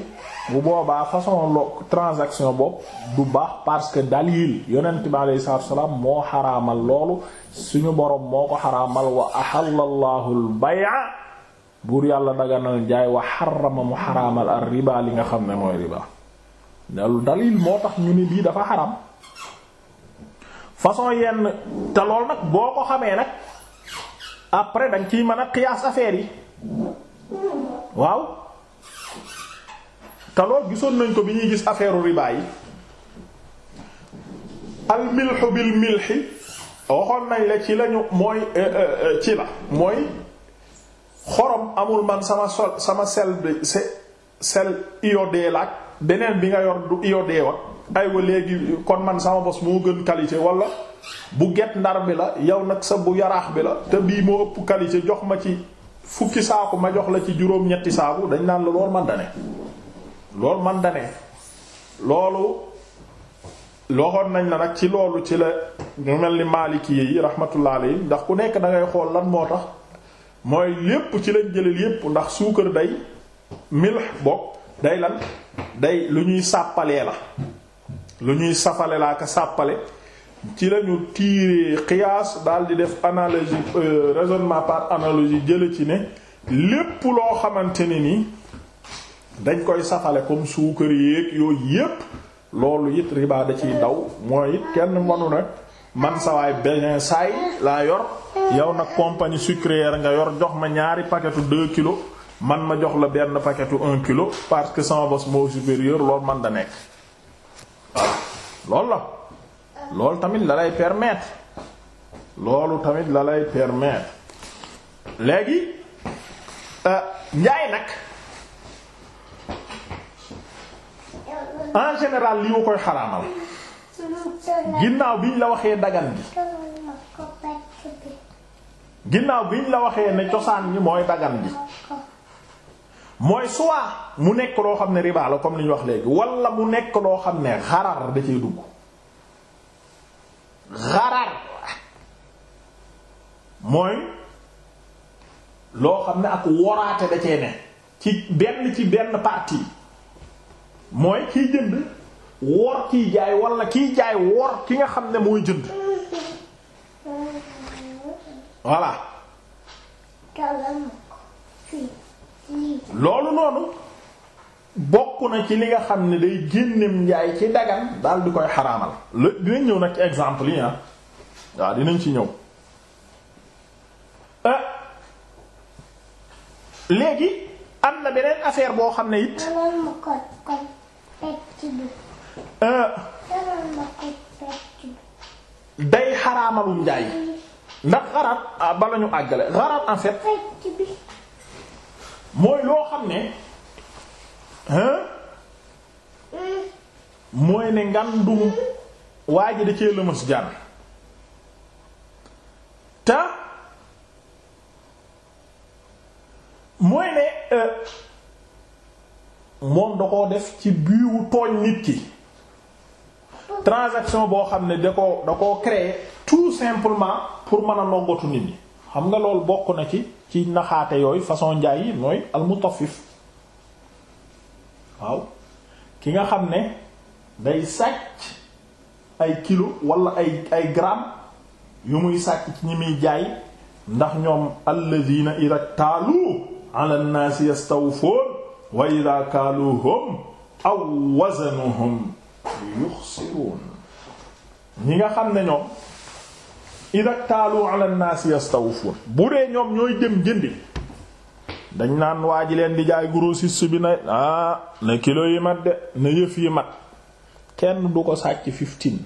bu boobaa façon lo transaction bopp du baax parce que dalil yonent bi alayhi salaatu wasalaam moo xaraamal loolu suñu boroom moo ko xaraamal wa ahalla Allahu al-bay'a buur yàlla daganal jaay wa xarama mu xaraamal ar riba li nga xam ne mooy riba loolu moo tax ñu ni lii dafa xaram façon yenn te lool nag boo ko xamee nag après danga ciy mën a qiyaas affaire yi waaw te lool gisoon nañ ko bi ñuy gis affaire riba yi al milxu bil milxi waxoon nañ la ci lañu mooy euh, euh, ci la mooy xorom amul man sama sol sama sel sel iodé laaj beneen bi nga yor du iodé wa aywa léegi kon man sama bos moo gën qualité walla bu get ndar bi la yow nag sa bu yaraax bi la te bii moo ëpp qualité jox ma ci fukki saaku ma jox la ci juróom-ñetti saaku dañ naan la lool man dane lool man dane loolu loxoon nañ la nag ci loolu ci la ñu mel ni Maliki yi rahmatullah alayhi ndax ku nekk dangay xool lan moo tax mooy lépp ci lañ jëlal yépp ndax suukar day milx bokk day lan day lu ñuy sàppalee la lu ñuy safale laa ka sàppale ci lañu tiiree qiyaas daal di def analogie euh, raisonnement par analogie jële ci ne lépp loo xamante ne nii dañ koy safale comme suukar yéeg yooyu yépp loolu it riba da ciy daw mooy it kenn manu na man sawaay beneen saay laa yor yow nag compagnie sucrière nga yor jox ma ñaari paquetu deux kilos man ma jox la benn paquetu un kilo parce que sama bos moo supérieur loolu man da nekk lool la loolu tamit la lay permettre loolu tamit la lay permettre léegi euh, njaay nag en général li ma koy xaraamal ginnaaw biñ la waxee dagan gi ginnaaw biñ la waxee ne cosaan gi mooy dagan bi mooy soit mu nekk loo xam ne riba comme li ñu wax léegi wala mu nekk loo xam ne xarar da cay dugg xarar mooy loo xam ne ak woraate da cee ne ci benn ci benn partie mooy kiy jënd wor kiy jaay wala kiy jaay wor ki nga xam ne mooy jënd voilà. loolu noonu bokk na ci li nga xam ne day génneem njaay ci dagan daal di koy xaraamal la dinañ ñëw nag ci exemple yi ah waaw dinañ ci ñëw euh, léegi am na beneen affaire boo xam ne it euh, day xaraamalum njaay ndax xaraat ah, bala ñu àggale xaraat en fait mooy loo xam ne hein mooy ne ngandum waa ji da cee lëmas jànn te mooy ne euh, moom da koo def ci biiwu tooñ nit ki transaction boo xam ne da ko da koo créer tout simplement pour mën a nongatu nit ñi xam nga loolu bokk na ci ci naxaate yooyu façon njaay yi mooy almutaffif waaw ki nga xam ne day sàcc ay kilo walla ay ay gramme yu muy sàcc ci ñi muy jaay ndax ñoom alladina ida taalu ala nnaasi yastawfoon wa ida kaaluhum aw wazanuhum yuxsiruun ñi nga xam ne ñoom ida taalu ala naas yastawfun bu dee ñoom ñooy jën jëndi dañ naan waa ji leen di jaay grossiste bi na ah na kilo yi mat de na yëf yi mat kenn du ko sàcc fifteen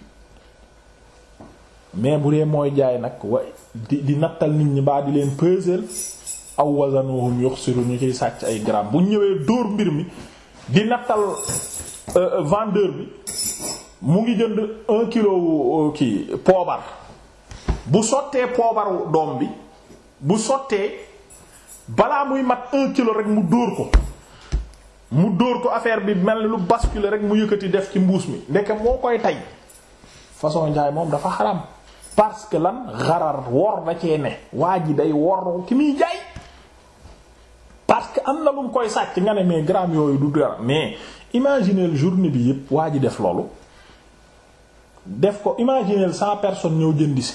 mais bu dee mooy jaay nag wa di di nattal nit ñi baa di leen peser aw wazanuhum yuxsiru ñu ciy sàcc ay gramme bu ñëwee dóor mbir mi di nattal euh, vendeur bi mu ngi jënd un kilo euh, ki poobar bu sottee poobaru doom bi bu sottee balaa muy mat un kilo rek mu dóor ko mu dóor ko affaire bi mel ni lu basculer rek mu yëkkati def ci mbuus mi ndekke moo koy tay façon njaay moom dafa xaram parce que lan xarar wor da cee ne waa ji day wor ki muy jaay parce que am na lu mu koy sàcc nga ne mais gramme yooyu du dara mais imaginez journée bi yëpp waa ji def loolu def ko imaginez cent personne ñëw jëndi si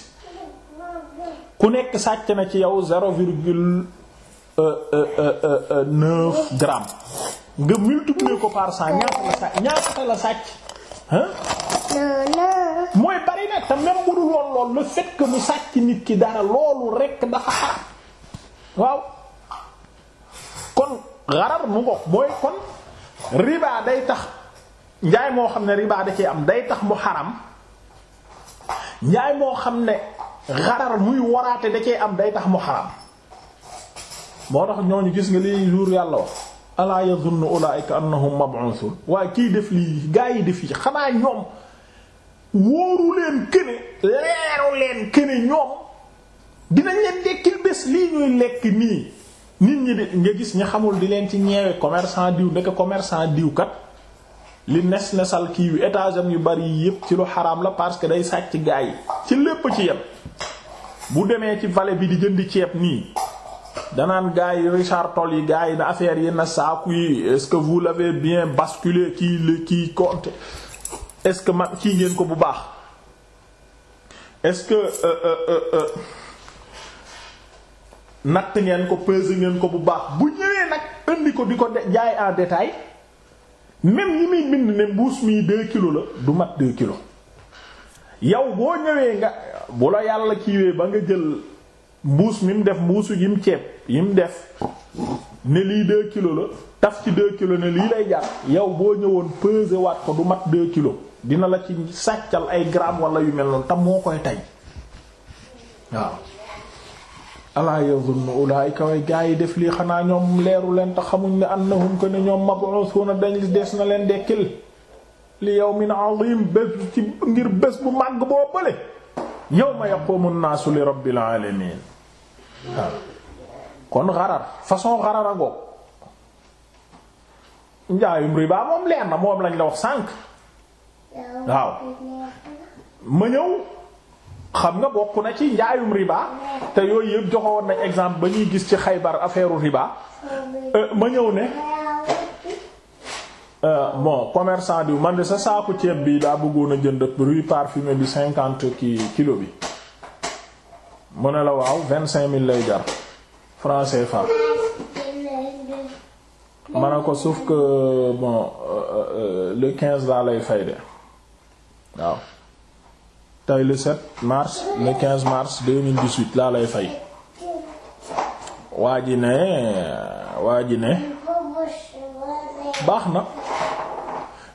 ku nekk sàcc na ci yow zéro virgule euh, euh, euh, neuf gramme nga multiplier ko la sàcc ñaata la sàcc mooy bari nag te même bu dul woon lool le fait mu sàcc nit ki dara loolu rekk dafa xaram waaw kon xarar mu ngox mooy kon riba day tax njaay moo xam ne riba da ci am day tax mu xaram njaay moo xam ne xarar muy waraate da cee am day tax mu xaram moo tax ñooñu gis nga li jour yàlla wax alaa yazunnu ulaa'ika annahum mab'uusun waaye kiy def lii gaa yi def yi xanaa ñoom wóoru leen këne leeru leen këne ñoom dinañ leen dekkil bés lii ñuy lekk nii nit ñi di nga gis ñi xamul di leen ci ñeewe commerçant diw ndeke commerçant diw kat li nes nesal kii yu étage am yu bari yépp ci lu xaraam la parce que day sàcc gaa yi ci lépp ci yem bu demee ci vallée bi di jënd ceeb nii danaan gaa yi Richard Toll yi gaa yi na affaire yi na saaku yi est-ce que vous bien basculé kii la kii compte est-ce que ma kii ngeen ko bu baax est-ce que euh, euh, euh, natt ngeen ko peser ngeen ko bu baax bu ñëwee nag indi ko di ko jaay en détail même yi muy bind ne mbuus mii deux kilos la du mat deux kilo yow boo ñëwee nga bu la yàlla kiiwee ba nga jël mbuus mi mu def mbuusu yim ceeb yim def ne lii deux kilo la taf ci deux kilo ne lii lay jar yow boo ñëwoon peser waat ko du mat deux kilo dina la ci sàccal ay grammes wala yu mel noonu tam moo koy tay waaw alaa yazunnu ulaa'ika way gaa yi def lii xanaa ñoom leeru leen te xamuñ na annahum ko ne ñoom mab'uusuuna dañ des na leen dekkil li yawmin 'aziim bés ci ngir bés bu màgg boo bële yawma yaqumu nnaasu li rabbil 'aalamiin kon xarar façon xarar a ngoog njaayum riba moom leer na moom lañ la wax sànq waaw ma ñëw xam nga bokk na ci njaayum riba te yooyu yëpp joxoon nañ exemple ba ñuy gis ci xaybar affaire riba euh, ma ñëw ne euh, bon commerçant bi man de sa saaku ceeb bi daa bëggoon a jënd riz parfumé bi cinquante ki kilo bi mu ne la waaw vingt cinq mille lay jar francs CFA ma ne ko sauf que bon euh, le quinze laa lay fay de waaw tey le 7 mars le mars 2018 laa lay fay waa ji ne waa ji ne baax na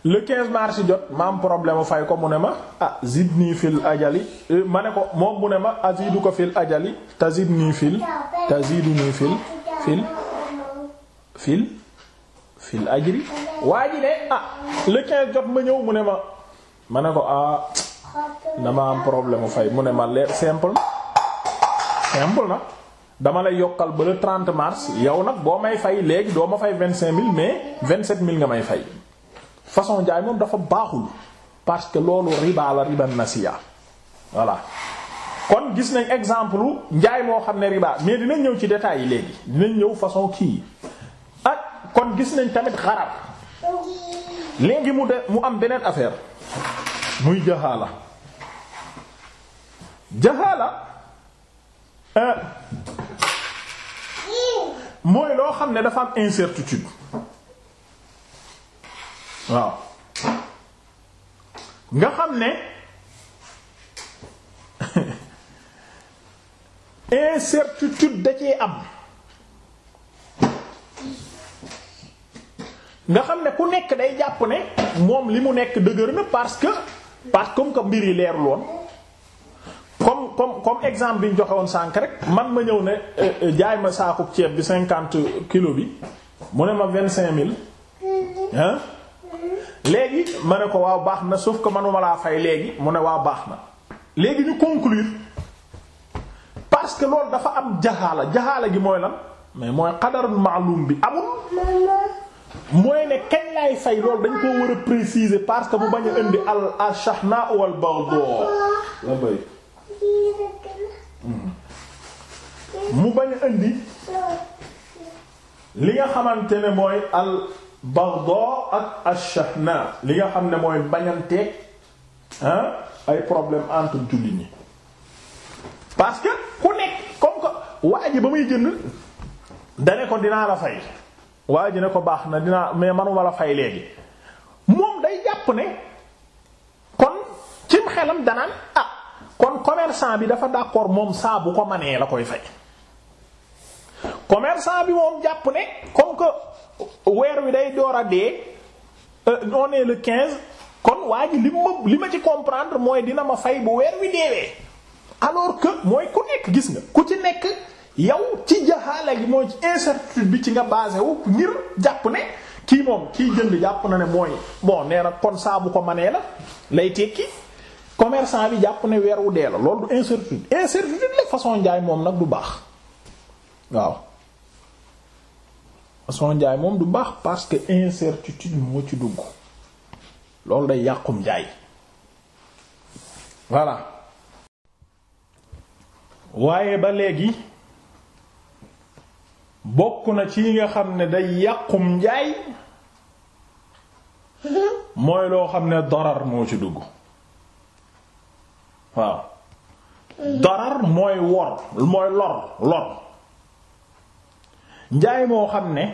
le 15 jot ma am problème fay ko mu ne ma ah zidni fil ajali euh, ma ne ko moom mu ne ma azidu ko fil ajali tazidni fil tazidni fil fil fil fil ajri waa ji ne ah le 15 jot ma ñëw mu ne ma ma ne ko ah dama am problème mu fay mu ne ma le simple simple na dama la yokkal ba le 30 mars yow nag boo may fay léegi doo ma fay vingt 25000 mais 27000 nga may fay façon jaay moom dafa baaxul parce que loolu riba la riba nasiya voilà kon gis nañ exemple njaay moo xam ne riba mais dinañ ñëw ci détails yi léegi dinañ ñëw façon kii ak ah, kon gis nañ tamit xarab léegi mu de mu am beneen affaire. muy jaxaala jaxaala euh, mooy loo xam ne dafa am incertitude waaw nga xam ne *laughs* incertitude da cee am nga xam ne ku nekk day jàpp ne moom li mu nekk dëgër na parce que parce que comme que mbir yi leerul woon comme comme exemple bi ñu joxe woon sànq rek man ma ñëw ne euh, euh, jaay ma saakub ceeb bi cinquante kilo bi mu ne ma vingt cinq mille hein léegi ma ne ko waaw baax na sauf que manuma laa fay léegi mu ne waaw baax na léegi ñu conclure parce que loolu dafa am jaxaala jaxaala gi mooy lan mais mooy xadarul maalum bi amul mooy ne kañ laay fay loolu dañ koo war a préciser parce que mu bañ a indi al al shahna wal baghdha la bay hmm. mu bañ indi li nga xamante ne mooy al baghdha ak al shahna li nga xam ne mooy bañanteeg ah ay problème entre jullit ñi parce que ku nekk comme que waa ji ba muy jënd dane ko dinaa la fay waa ji ne ko baax na dinaa mais manuma la fay léegi moom day jàpp ne kon cim xelam danaan ah kon commerçant bi dafa d'accord moom saa bu ko manee la koy fay commerçant bi moom jàpp ne comme que weer wi day door a dee euh, on le 15 kon waa ji li ma li ma ci comprendre mooy dina ma fay bu weer wi deewee alors que mooy ku nekk gis nga ku ci nekk. yow ci jaxaala gi mooy ci incertitude bi ci nga basé wu ngir jàpp ne kii moom kii jënd jàpp na ne mooy bon nee na kon saa bu ko manee la lay tekki commerçant bi jàpp ne weer wu dee la lool du incertitude incertitude la façon njaay moom nag du baax waaw façon njaay moom du baax parce que incertitude moo ci dugg loolu day yàqum njaay voilà waaye ba léegi bokk na ci yi nga xam ne day yàqum njaay mooy loo xam ne darar moo ci dugg waaw darar mooy wor mooy lor lor njaay moo xam ne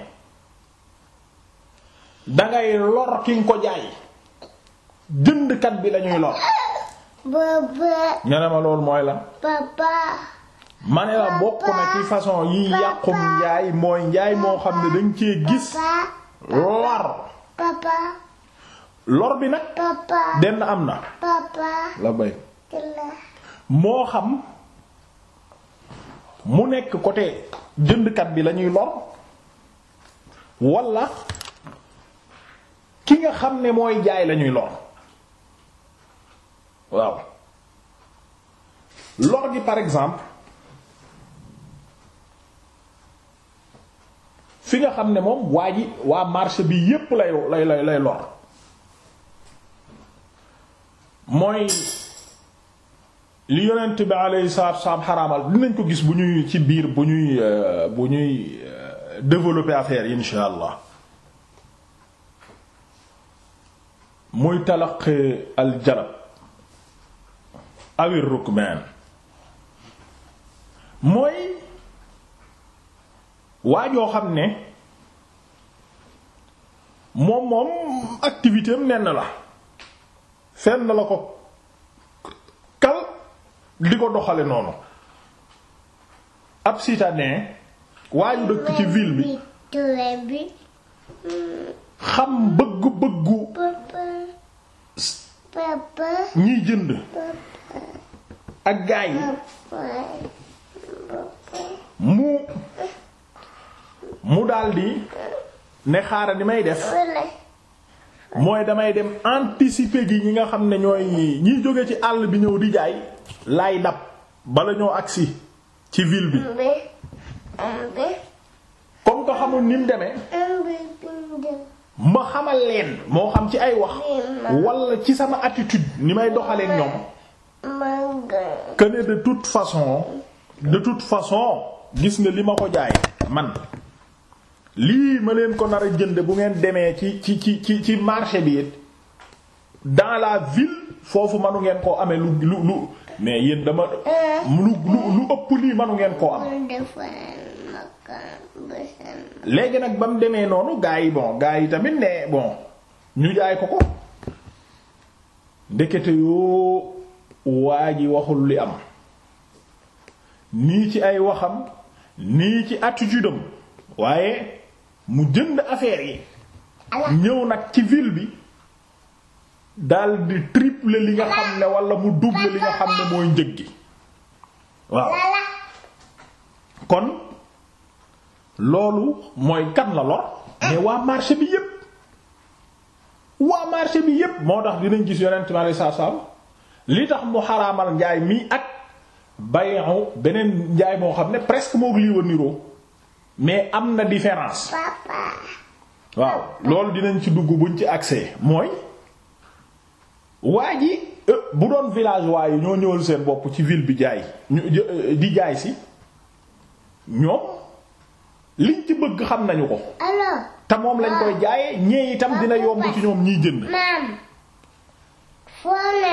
dangay lor ki nga ko jaay jëndkat bi lañuy lor nga ne loolu mooy la ma ne la bokk na ci façon yi yàqum njaay mooy njaay moo xam ne dañ cee gis lor lor bi nag denn am na la bay moo xam mu nekk côté jëndkat bi lañuy lor walla ki nga xam ne mooy jaay lañuy lor waaw lor gi par exemple fi nga xam ne moom waa ji waa marché bi yépp lay lay lay lay lor mooy li yonent bi alayhi salaatu salaam xaraamal dinañ ko gis bu ñuy ci biir bu ñuy euh, bu ñuy euh, développer affaire yi insha allah muy talaqi al jalab awir mooy waa joo xam ne moom moom activité nenn la fenn la ko kal di ko doxale noonu ab citadin waa ju dëkk ci ville bi xam bëgg-bëggu ñiy jënd ak gaa yi mu mu daldi ne xaaral ni may def mooy damay dem anticiper gi ñi nga xam ne ñooy ñiy jóge ci àll bi ñëw di jaay laay dab bala ñoo agsi ci ville bi comme que xamul ni mu demee ma xamal leen moo xam ci ay wax wala ci sama attitude ni may doxalee ñoom que de tout façon de toute façon gis nga li ma ko jaay man lii ma leen ko nara jënd bu ngeen demee ci ci ci ci ci marché bi it dans la ville foofu manu ngeen koo amee lu lu lu mais yéen dama lu lu lu ëpp lii manu ngeen koo am léegi nag ba mu demee noonu gaa yi bon gaa yi tamit ne bon ñu jaay ko ko ndekete yoo waa ji waxul li am nii ci ay waxam nii ci attitude am waaye mu jënd affaire yi ah ñëw nag ci ville bi dal di tripler li nga xam ne wala mu doubler li nga xam ne mooy njëg gi waaw kon loolu mooy kan la lor mais waa marché bi yépp waa marché bi yépp moo tax dinañ gis yonent ma saa saam li tax mu xaraamal njaay mi ak bayu beneen njaay moo xam ne presque moo lii wa niroo mais am na différence waaw loolu dinañ ci dugg buñ ci accès mooy waa ji euh, bu doon village waayu ñoo ñëwal seen bopp ci ville bi jaay ñu euh, di jaay si ñoom liñ ci bëgg xam nañu ko te moom lañ koy jaayee ñee itam dina yomb ci ñoom ñiy jënd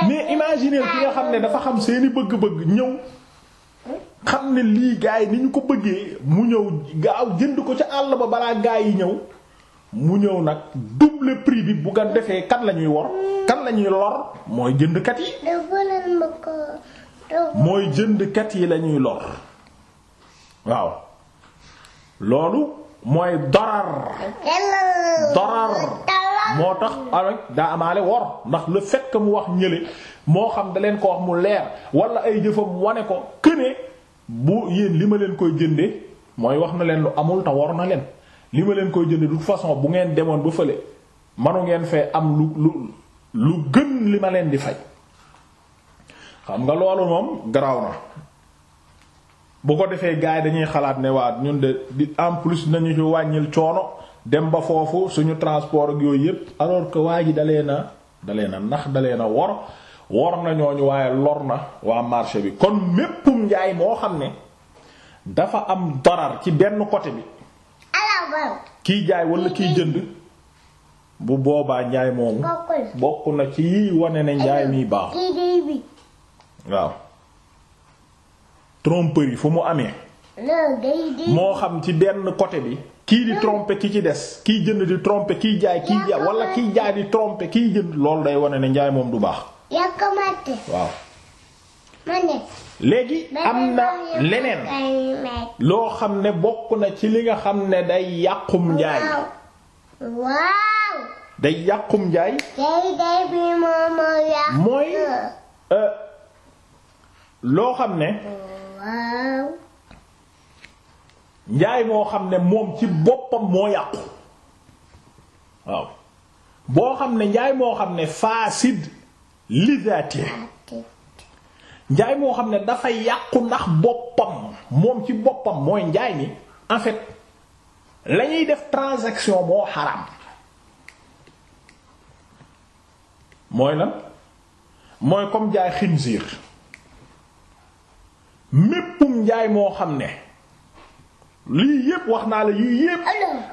mais imaginez ki nga xam ne dafa xam seeni bëgg-bëgg ñëw xam ne lii gaa yi ni ñu ko bëggee mu ñëw gaaw jënd ko ca àll ba balaa gaa yi ñëw mu ñëw nag double prix bi bu nga defee kan lañuy ñuy wor kan la ñuy lor mooy jëndkat yi eh, mooy jëndkat yi la ñuy lor waaw loolu mooy darar darar moo tax avec daa amaale wor ndax le fekk mu wax ñële moo xam da leen ko wax mu leer wala ay jëfam wane ko këne bu yéen li ma leen koy jënde mooy wax na leen lu amul te war na leen li ma leen koy jënde de façon bu ngeen demoon ba fële manu ngeen fee am lu lu lu gën li ma leen di faj xam nga loolu moom garaaw na bu ko defee gars yi dañuy xalaat ne waa ñun de di en plus nañu ci wàññil coono dem ba foofu suñu transport ak yooyu yépp alors que waa ji dalee na dalee na nax dalee na wor war na ñooñu waaye lor na waa marché bi kon méppum njaay moo xam ne dafa am darar ci benn côté bi kiy jaay wala kiy jënd bu boobaa njaay moomu bokk na ci yiy wane ne njaay miy baax waaw yi fu mu amee moo xam ci benn côté bi kii di tromper ki ci des kiy jënd di trompe kiy jaay kiy jaay wala kiy jaay di tromper kiy jënd loolu day wane ne njaay moom du baax waaw. léegi am na leneen loo xam ne bokk na ci li nga xam ne day yàqum njaay day yàqum njaay mooy euh, loo xam ne njaay moo xam ne moom ci boppam moo yàqu waaw boo xam ne njaay moo xam ne fasid li zaati njaay moo xam ne dafa yàqu ndax boppam moom ci boppam mooy njaay mi en lañuy def transaction moo xaraam mooy lan mooy comme jaay xinziir méppum njaay moo xam ne lii yépp wax naa la yii yépp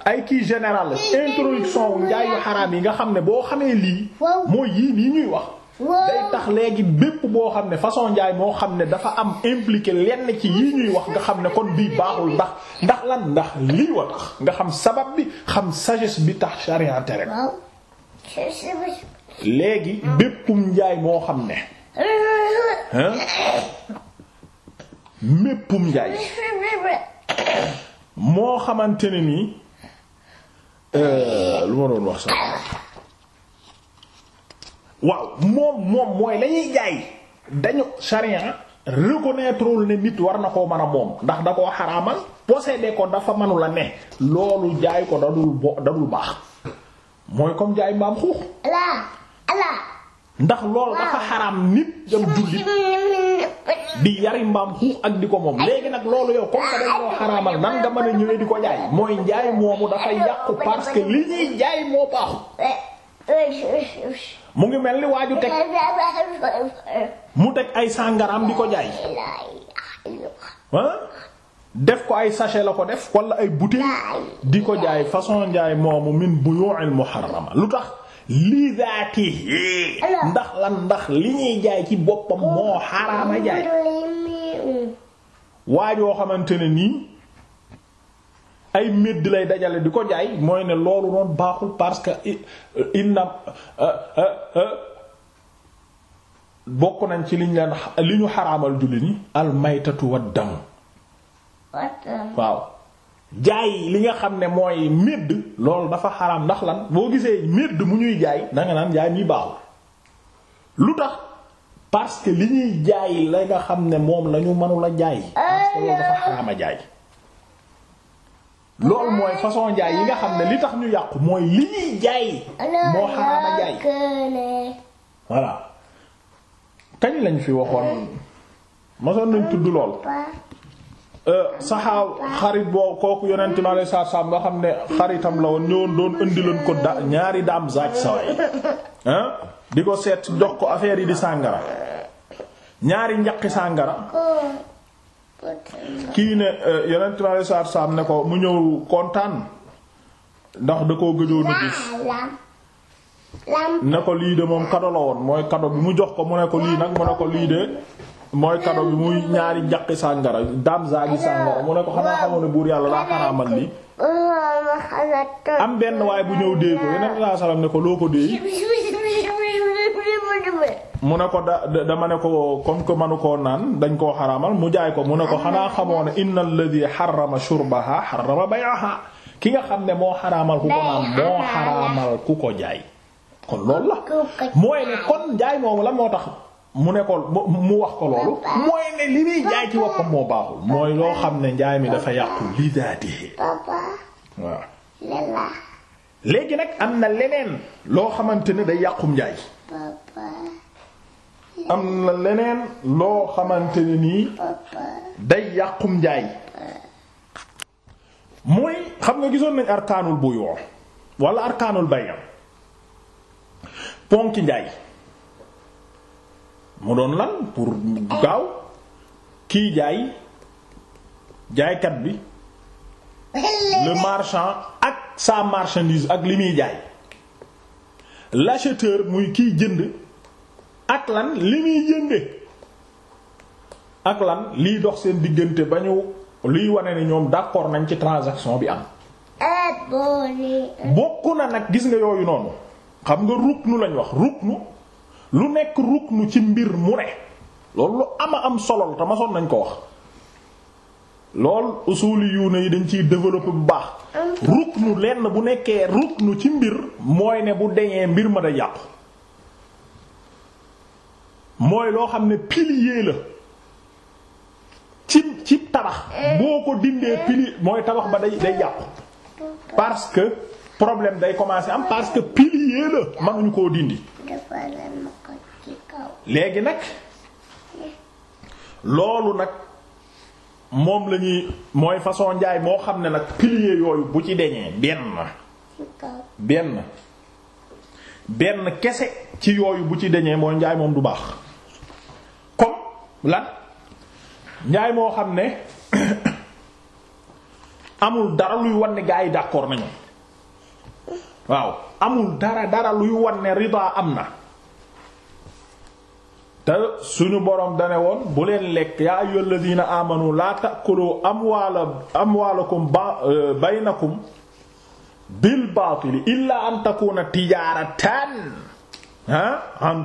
ay kii général la introduction wu njaay yu xaraam yi nga xam ne boo xamee lii mooy yii nii ñuy wax day tax léegi bépp boo xam ne façon njaay moo xam ne dafa am impliqué lenn ci yi ñuy wax nga xam ne kon bii baaxul ndax ndax lan ndax lii wa nga xam sabab bi xam sagesse bi tax charia tere léegi béppum njaay moo xam ne hein méppum njaay moo xamante ne nii euh, lu ma doon wax sax waaw moom moom mooy la ñuy jaay dañu sharia reconnaîtreul ne nit war na koo mën a moom ndax da koo xaraamal posséder ko dafa mënula ne loolu jaay ko dadul bo dadul baax mooy comme jaay mbaam xuux ndax loolu dafa xaraam nit am jullit di mbaam xuux ak ko moom léegi nag loolu yow comme que nan nga mën a ñëwee di ko jaay mooy njaay moomu dafa yàqu parce que li ñuy jaay moo baaxu eh, eh, eh, mu ngi mel ni waaju teg mu teg ay sàngaram di ko jaay def ko ay sachet la ko def wala ay bouteille di ko jaay façon jaay moomu min buyu'il muharrama lu tax lii zaatihi ndax lan ndax li ñuy jaay ci boppam moo xaraama jaay waajoo xamante ne nii ay médd lay dajale di ko jaay mooy ne loolu noonu baaxul parce que inna bokk nañ ci liñ leen li ñu xaraamal julli ni almaytatu wa damu waaw jaay li nga xam ne mooy médd loolu dafa xaraam ndax lan boo gisee médd mu ñuy jaay danga naan jaay muy baaxul lu tax parce que li ñuy jaay la nga xam ne moom lañu mënula jaay parce que loolu dafa xaraama jaay loolu mooy façon njaay yi nga xam ne li tax ñu yàqu mooy li ñuy jaay moo xaraama jaay voilà kañ lañ fi waxoon mosoon nañ tudd lool euh, saxaaw xarit boo kooku yonent mi alayhi salaatu salaam nga xam ne xaritam la woon ñëwoon doon indiloon ko da ñaari daam zaaj saway di ko seet jox ko affaire yi di sàngara ñaari njaqi sàngara kii ne eh, yonent bi alayhi salaatu ne ko mu ñëw kontaan ndax da koo gëjoon ne ko lii de moom kado la woon mooy kado bi mu jox ko mu ne ko lii nag mu ne ko lii de mooy kado bi muy ñaari njaqi sàngara daam zaagi sàngara mu ne ko xanaa xamoon buur yàlla laa xaraamal lii am benn waaye bu ñëw dee ko yonent bi ne ko loo ko dee *laughs* mu ne ko da dama ne ko comme que manu koo naan dañ koo xaraamal mu jaay ko mu ne ko xanaa xamoo ne inna alladhi xarama shurbaha xarama bay'aha ki nga xam ne moo xaraamal ku ko naan moo ku ko jaay kon loolu la mooy ne kon jaay moomu la moo tax mu ne ko mu wax ko loolu mooy ne li muy jaay ci woppam moo baaxul mooy loo xam ne njaay mi dafa yàqu li daatee waaw léegi nag am na leneen loo xamante ne day yàqum njaay am na leneen loo xamante ne nii day yàqum njaay mooy xam nga gisoon nañ arkaanul buyu walla arkaanul bay'am ponki njaay mu doon lan pour gaaw kii jaay jaaykat bi le marchand ak sa marchandise ak li muy jaay l'acheteur muy kiy jënd ak lan li muy jënde ak lan liy dox seen diggante ba ñu liy wane ne ñoom d'accord nañ ci transaction bi am bokk na nag gis nga yooyu noonu xam nga ruknu lañ wax ruknu lu nekk ruknu ci mbir mu ne loolu lu ama am solo te masoon nañ ko wax lool usuli yuuna yi dañ ciy développer bu baax ruknu lenn bu nekkee ruknu ci mbir mooy ne bu deñee mbir ma da yàqu mooy loo xam ne pilier la ci ci tabax eh. boo ko dindee eh. pilier mooy tabax ba day day yàqu parce que problème day commencer am parce que pilier la mënuñu koo dindi léegi nag loolu nag moom la mooy façon njaay moo xam ne nag pilier yooyu bu ci deñee benn benn benn kese ci yooyu bu ci deñee mooy njaay moom du baax lan njaay moo xam ne *coughs* amul dara luy wan ne gaa yi d'accord nañu waaw amul dara dara luy wan ne ridaa am na te suñu boroom dane woon bu leen lekk yaa ayyuhal ladina amanu laa ta'kulu amwaala amwaalakum euh, baynakum bil baatili illaa an takuna tijaaratan ha an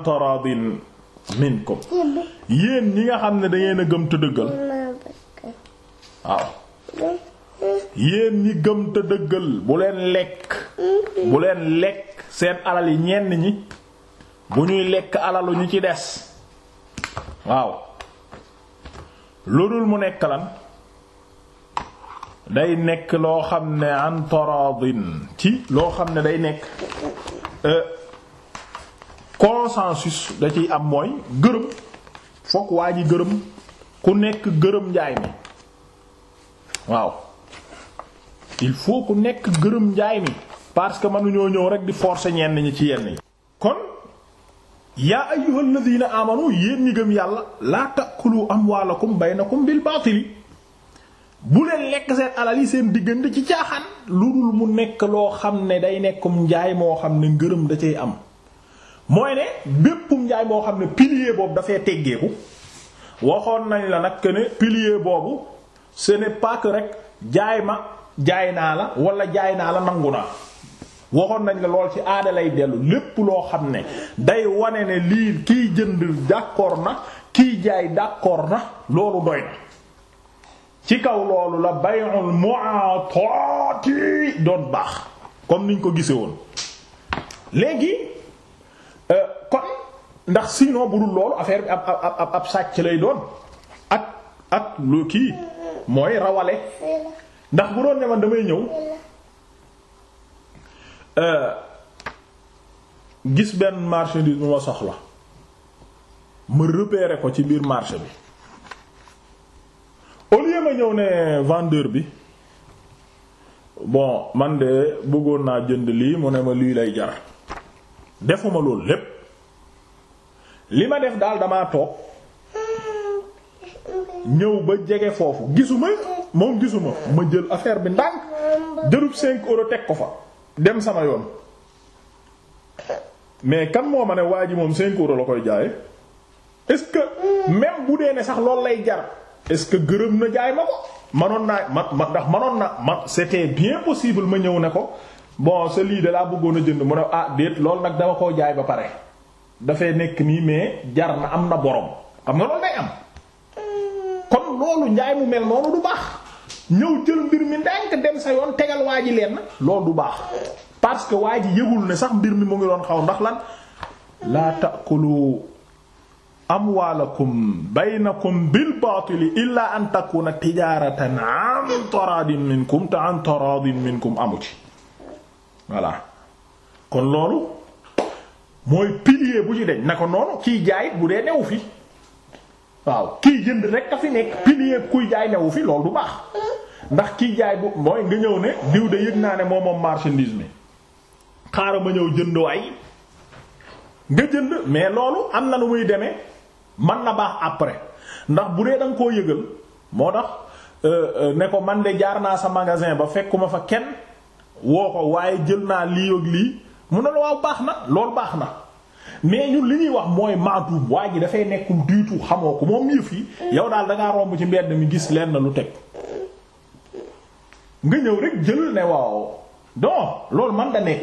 minkum yéen ñi nga xam ne dangeen a gëm te dëggal waaw yéen ñi gëm te dëggal bu leen lekk bu leen lekk seen alal yi ñenn ñi bu ñuy lekk alalu ñu ci des waaw lu dul mu nekk lan day nekk loo xam ne an ci loo xam ne day nekk euh, consensus da ciy am mooy gërëm fokk waa ji gërëm ku nekk gërëm njaay mi waaw il faut nekk gërëm njaay mi parce que mënuñoo ñëw rek di forcer ñenn ñi ci yenn yi kon yaa ayyuhal ladina amanu yéen ñi gëm yàlla laa ta'kulu amwaalakum baynakum bil baatili bu leen lekk seen alal yi seen diggante ci caaxaan lu dul mu nekk loo xam ne day nekkum njaay moo xam ne gërëm da cay am mooy ne béppum njaay moo xam ne pilier boobu dafay teggeeku waxoon nañ la nag que ne pilier boobu sene n'est pas rek jaay ma jaay naa la wala jaay naa la nangu naa waxoon nañ la lool ci aadalay dellu lépp loo xam ne day wane ne lii kiy jënd d'accord na kiy jaay d'accord na loolu doy na ci kaw loolu la bay'ul mu'atati doon baax comme niñ ko gise woon léegi Euh, kon ndax sinon bu dul loolu affaire bi ab ab ab sàcc lay doon ak ak lu kii mooy rawale ndax bu doon ne man damay ñëw euh, gis benn marchandise bu ma soxla ma repérer ko ci biir marché bi au ma ñëw ne vendeur bi bon man de bëggoon naa jënd lii mu ne ma lii lay jar. defuma loolu lépp li ma def daal damaa toog ñëw ba jege foofu gisuma moom gisuma ma jël affaire bi ndànk jëlub 5 euros teg ko fa dem sama yoon mais kan moo ma ne waa ji moom 5 euros la koy jaaye est-ce que même bu dee ne sax loolu lay jar est-ce que gërëm na jaay ma ko manoon naa ma ma ndax manoon na ma c'était bien possible ma ñëw ne ko bon sa lii de laa bëggoon a jënd mu ne ah déet loolu nag dama koo jaay ba pare dafay nekk nii mais jar na am na borom xam nga loolu day am kon loolu njaay mu mel noonu du baax ñëw jël mbir mi ndànk dem sa yoon tegal waa ji leen loolu du baax parce que waa ji yëgul ne sax mbir mi mu ngi doon xaw ndax lan laa taakulu amwaalakum baynakum bil baatili illaa an takuna tijaaratan an taraadin minkum te taraadin minkum amu ci voilà kon loolu mooy pilier bu ci deñ na ko noonu kiy jaay bu dee newu fi waaw kiy jënd rek a fi nekk pilier kuy jaay newu fi loolu du baax ndax kiy jaay bu mooy nga ñëw ne diw de yëg naa ne moom moom marchandise mi xaaral ma ñëw jënd waay nga jënd mais loolu am na lu muy demee man na baax après ndax bu dee da koo yëgal moo tax euh, euh, ne ko man de jaar naa sa magasin ba fekkuma fa kenn. woo ko waaye jël naa lii ak lii mu ne la waaw baax na lool baax na mais ñun li ñuy wax mooy maatum waa ji dafay nekkul diitu xamoo ko moom yëf yi yow daal da ngaa romb ci mbedd mi gis leen na lu teg nga ñëw rek jël ne waaw donc loolu man da nekk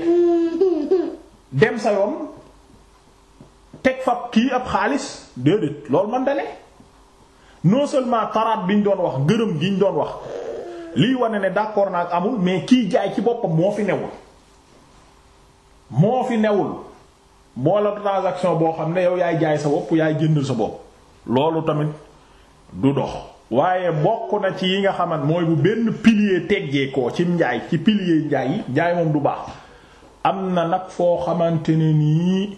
dem sa yoon teg fab kii ab xaalis déedéet loolu man da ne non seulement taraat ñu doon wax gërëm giñ doon wax lii wane ne d'accord naa ak amul mais kiy jaay ci boppam moo fi newul moo fi newul moo la transaction boo xam ne yow yaay jaay sa bopp yaay jëndal sa bopp loolu tamit du dox waaye bokk na ci yi nga xaman mooy bu benn pilier teggee ko ci njaay ci pilier njaay yi njaay moom du baax am na nag foo xamante ne nii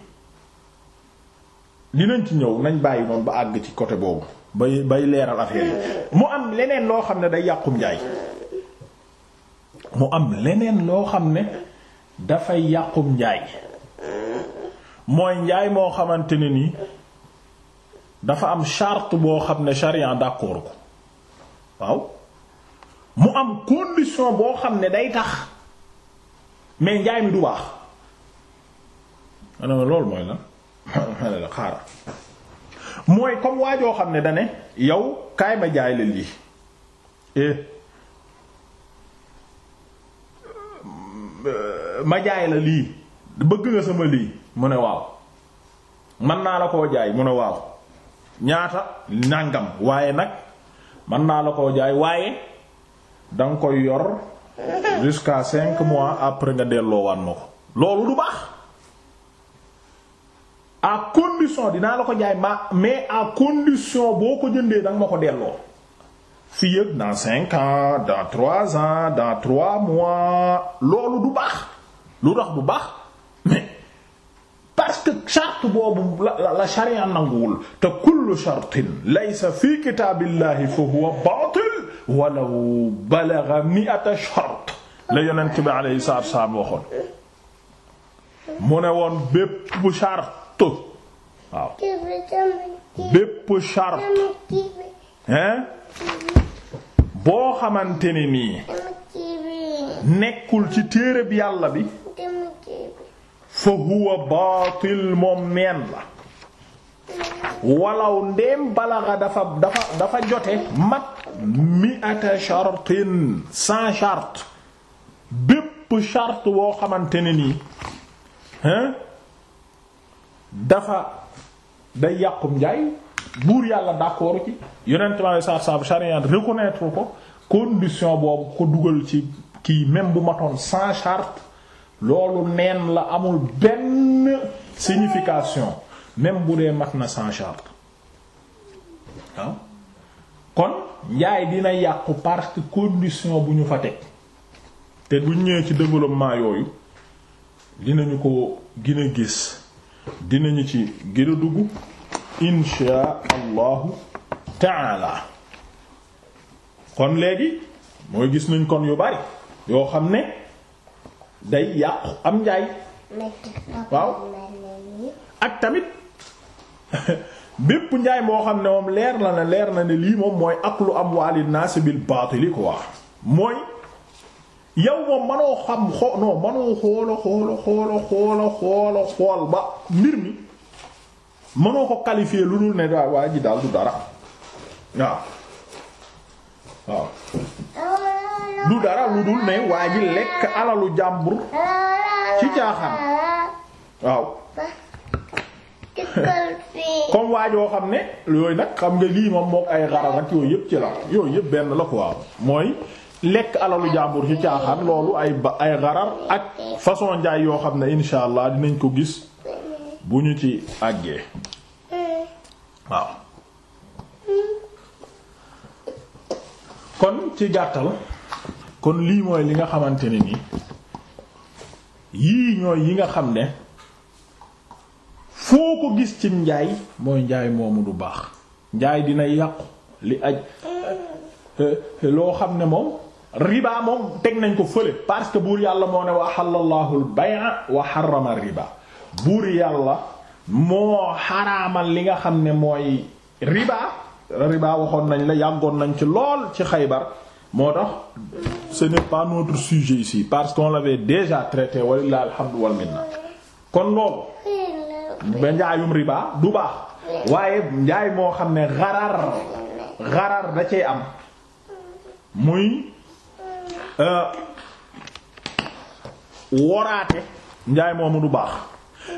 dinañ ci ñëw nañ bàyyi noonu ba àgg ci côté boobu bay bay leeral affaire yi mu am leneen loo xam ne day yàqum njaay mu am leneen loo xam ne dafay yàqum njaay mooy njaay moo xamante ne ni dafa am charte boo xam ne sharia d'accord ko waaw mu am condition boo xam ne day tax mais njaay mi du baax. loolu mooy lan *laughs* xaaral. mooy comme waajoo xam ne dane yow kaay ma jaay la lii eh euh, la lii bëgg nga sama lii mu ne waaw man naa la koo jaay mu ne waaw ñaata nàngam waaye nag man naa la koo jaay waaye danga koy yor jusqu'à cinq mois après nga delloo waan loolu du baax à condition dinaa la ko jaay ma mais à condition boo ko jëndee danga ma ko delloo fii yëpp dans cinq loolu du baax lu tax bu baax mais parce que charte boobu la la charia nanguwul te kullu shartin laysa fi kitaabillahi fa huwa baatil walaw balagha mi'ata shart la yonent bi alayhi salaatu wa salaam waxoon mu ne woon bépp charte toog waaw bépp charte hein boo xamante ne nii nekkul ci téere bi yàlla bi fa huwa baatil moom neen la walaw ndeem balaxa dafa dafa dafa jote mat mi'ata shartin sans charte bépp charte boo xamante ne nii hein dafa day yàqum njaay buur yàlla d'accord ci yonent ma saa saab charian reconnaître ko condition boobu ko dugal ci kii même bu matoon sans charte loolu neen la amul benn signification même bu dee mat na sans charte ah. kon njaay dina yàqu parce que condition bu ñu fa teg te bu ñëwee ci développement yooyu dinañu ko gën gis dinañu ci gën dugg inshaa allahu taala kon léegi mooy gis nañ kon yu bari yoo xam ne day yàqu am njaay waaw ak tamit *laughs* bépp njaay moo xam ne moom leer na ne leer na ne lii moom mooy aklu amwaali naas bil baatili quoi mooy yow moom manoo xam xo non manoo xoola xoola xoola xoola xoola xool ba mbir mi manoo ko qualifier lu dul ne daa waa daal du dara waaw waaw du dara lu dul ne waa lekk alalu jàmbur ci caaxaan waaw comme waajoo xam ne yooyu nag xam nga lii moom mook ay xaral ak yooyu yëpp ci la yooyu yëpp benn la quoi mooy lekk alalu jàmbur ci caaxaan loolu ay ba ay garar ak façon njaay yoo xam ne insha allah dinañ ko gis bu ñu ci àggee waaw kon ci gàttal kon lii mooy li nga xamante ne ni yii ñooy yi nga xam ne foo ko gis cim njaay mooy njaay moomu du baax njaay dina yàqu li aj eh, eh, loo xam ne moom riba moom teg nañ ko fële parce que buur yàlla moo ne wax xalallahu al-bay'a wa xarama riba buur yàlla moo xaraamal li nga xam ne mooy riba riba waxoon nañ la yàngoon nañ ci lool ci xaybar moo tax ce n'est pas notre sujet ici parce qu'on l'avait déjà traité walilah alhamdu wal minna kon loolu ba njaayum riba du baax waaye njaay moo xam ne xarar xarar da am muy Euh, woraate njaay moomu du baax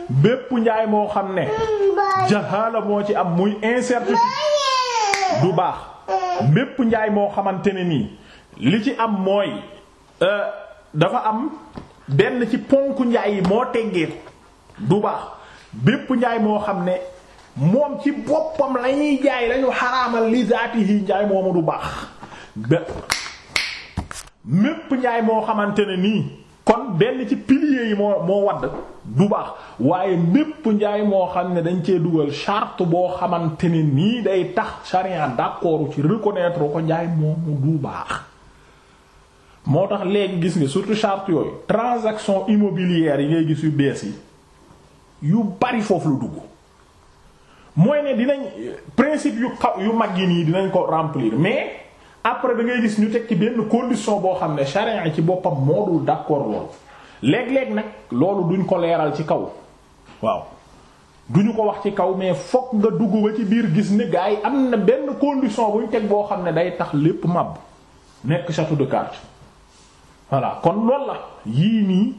bépp njaay moo xam ne jaxaala moo ci am muy incertitude du baax bépp njaay moo xamante ne nii li ci am mooy euh, dafa am benn ci ponk njaay yi moo teggee du baax bépp njaay moo xam ne moom ci boppam lañuy jaay lañu xaraamal li yi njaay moomu du baax mépp njaay moo xamante ne nii kon benn ci piliers yi moo moo wadd du baax waaye mépp njaay moo xam ne dañ cee dugal charte boo xamante ni nii day tax charia d'accord ci reconnaître ko njaay moomu du baax moo tax léegi gis nga surtout charte yooyu transaction immobilière yi ngay gis yu bees yi yu bari foofu lu dugg mooy ne dinañ principe yu xaw yu mag yi nii dinañ ko remplir mais après da ngay gis ñu teg ci benn condition boo xam ne charia ci boppam moo dul d'accord loolu léeg-léeg nag loolu duñ ko leeral ci kaw waaw duñu ko wax ci kaw mais fokk nga dugg ci biir gis ne gars am na benn condition buñ teg boo xam ne day tax lépp màbb nekk château de cartes voilà kon loolu la yii nii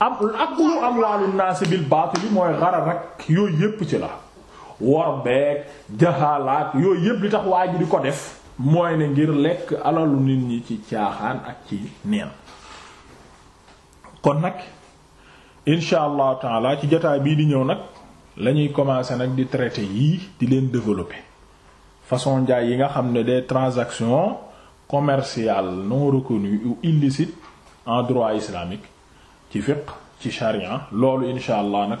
am ak lu am waalu naasi bil baatili mooy xaral rek yooyu yépp ci la wor beeg jaxalaat yooyu yépp li tax waa ji di ko def mooy ne ngir lekk alalu nit ñi ci caaxaan ak ci neen kon nag incha allahu taala ci jotaay bii di ñëw nag lañuy commencer nag di traité yii di leen développé façon njaay yi nga xam ne de transactions commerciales non reconnues ou illicites en droit islamique ci fiqh ci charia loolu incha allah nag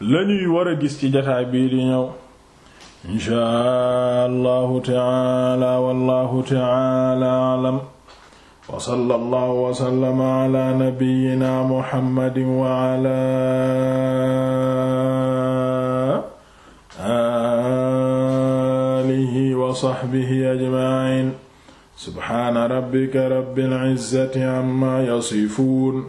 lañuy war gis ci jotaay bii di ñëw inshaa allahu taala wallahu taala alam wa sallallahu wa sallama ala nabiyyina muhammadin wa ala alihi wa sahbihi ajma'in subhaana rabbika rabbil izzati amma yasifuun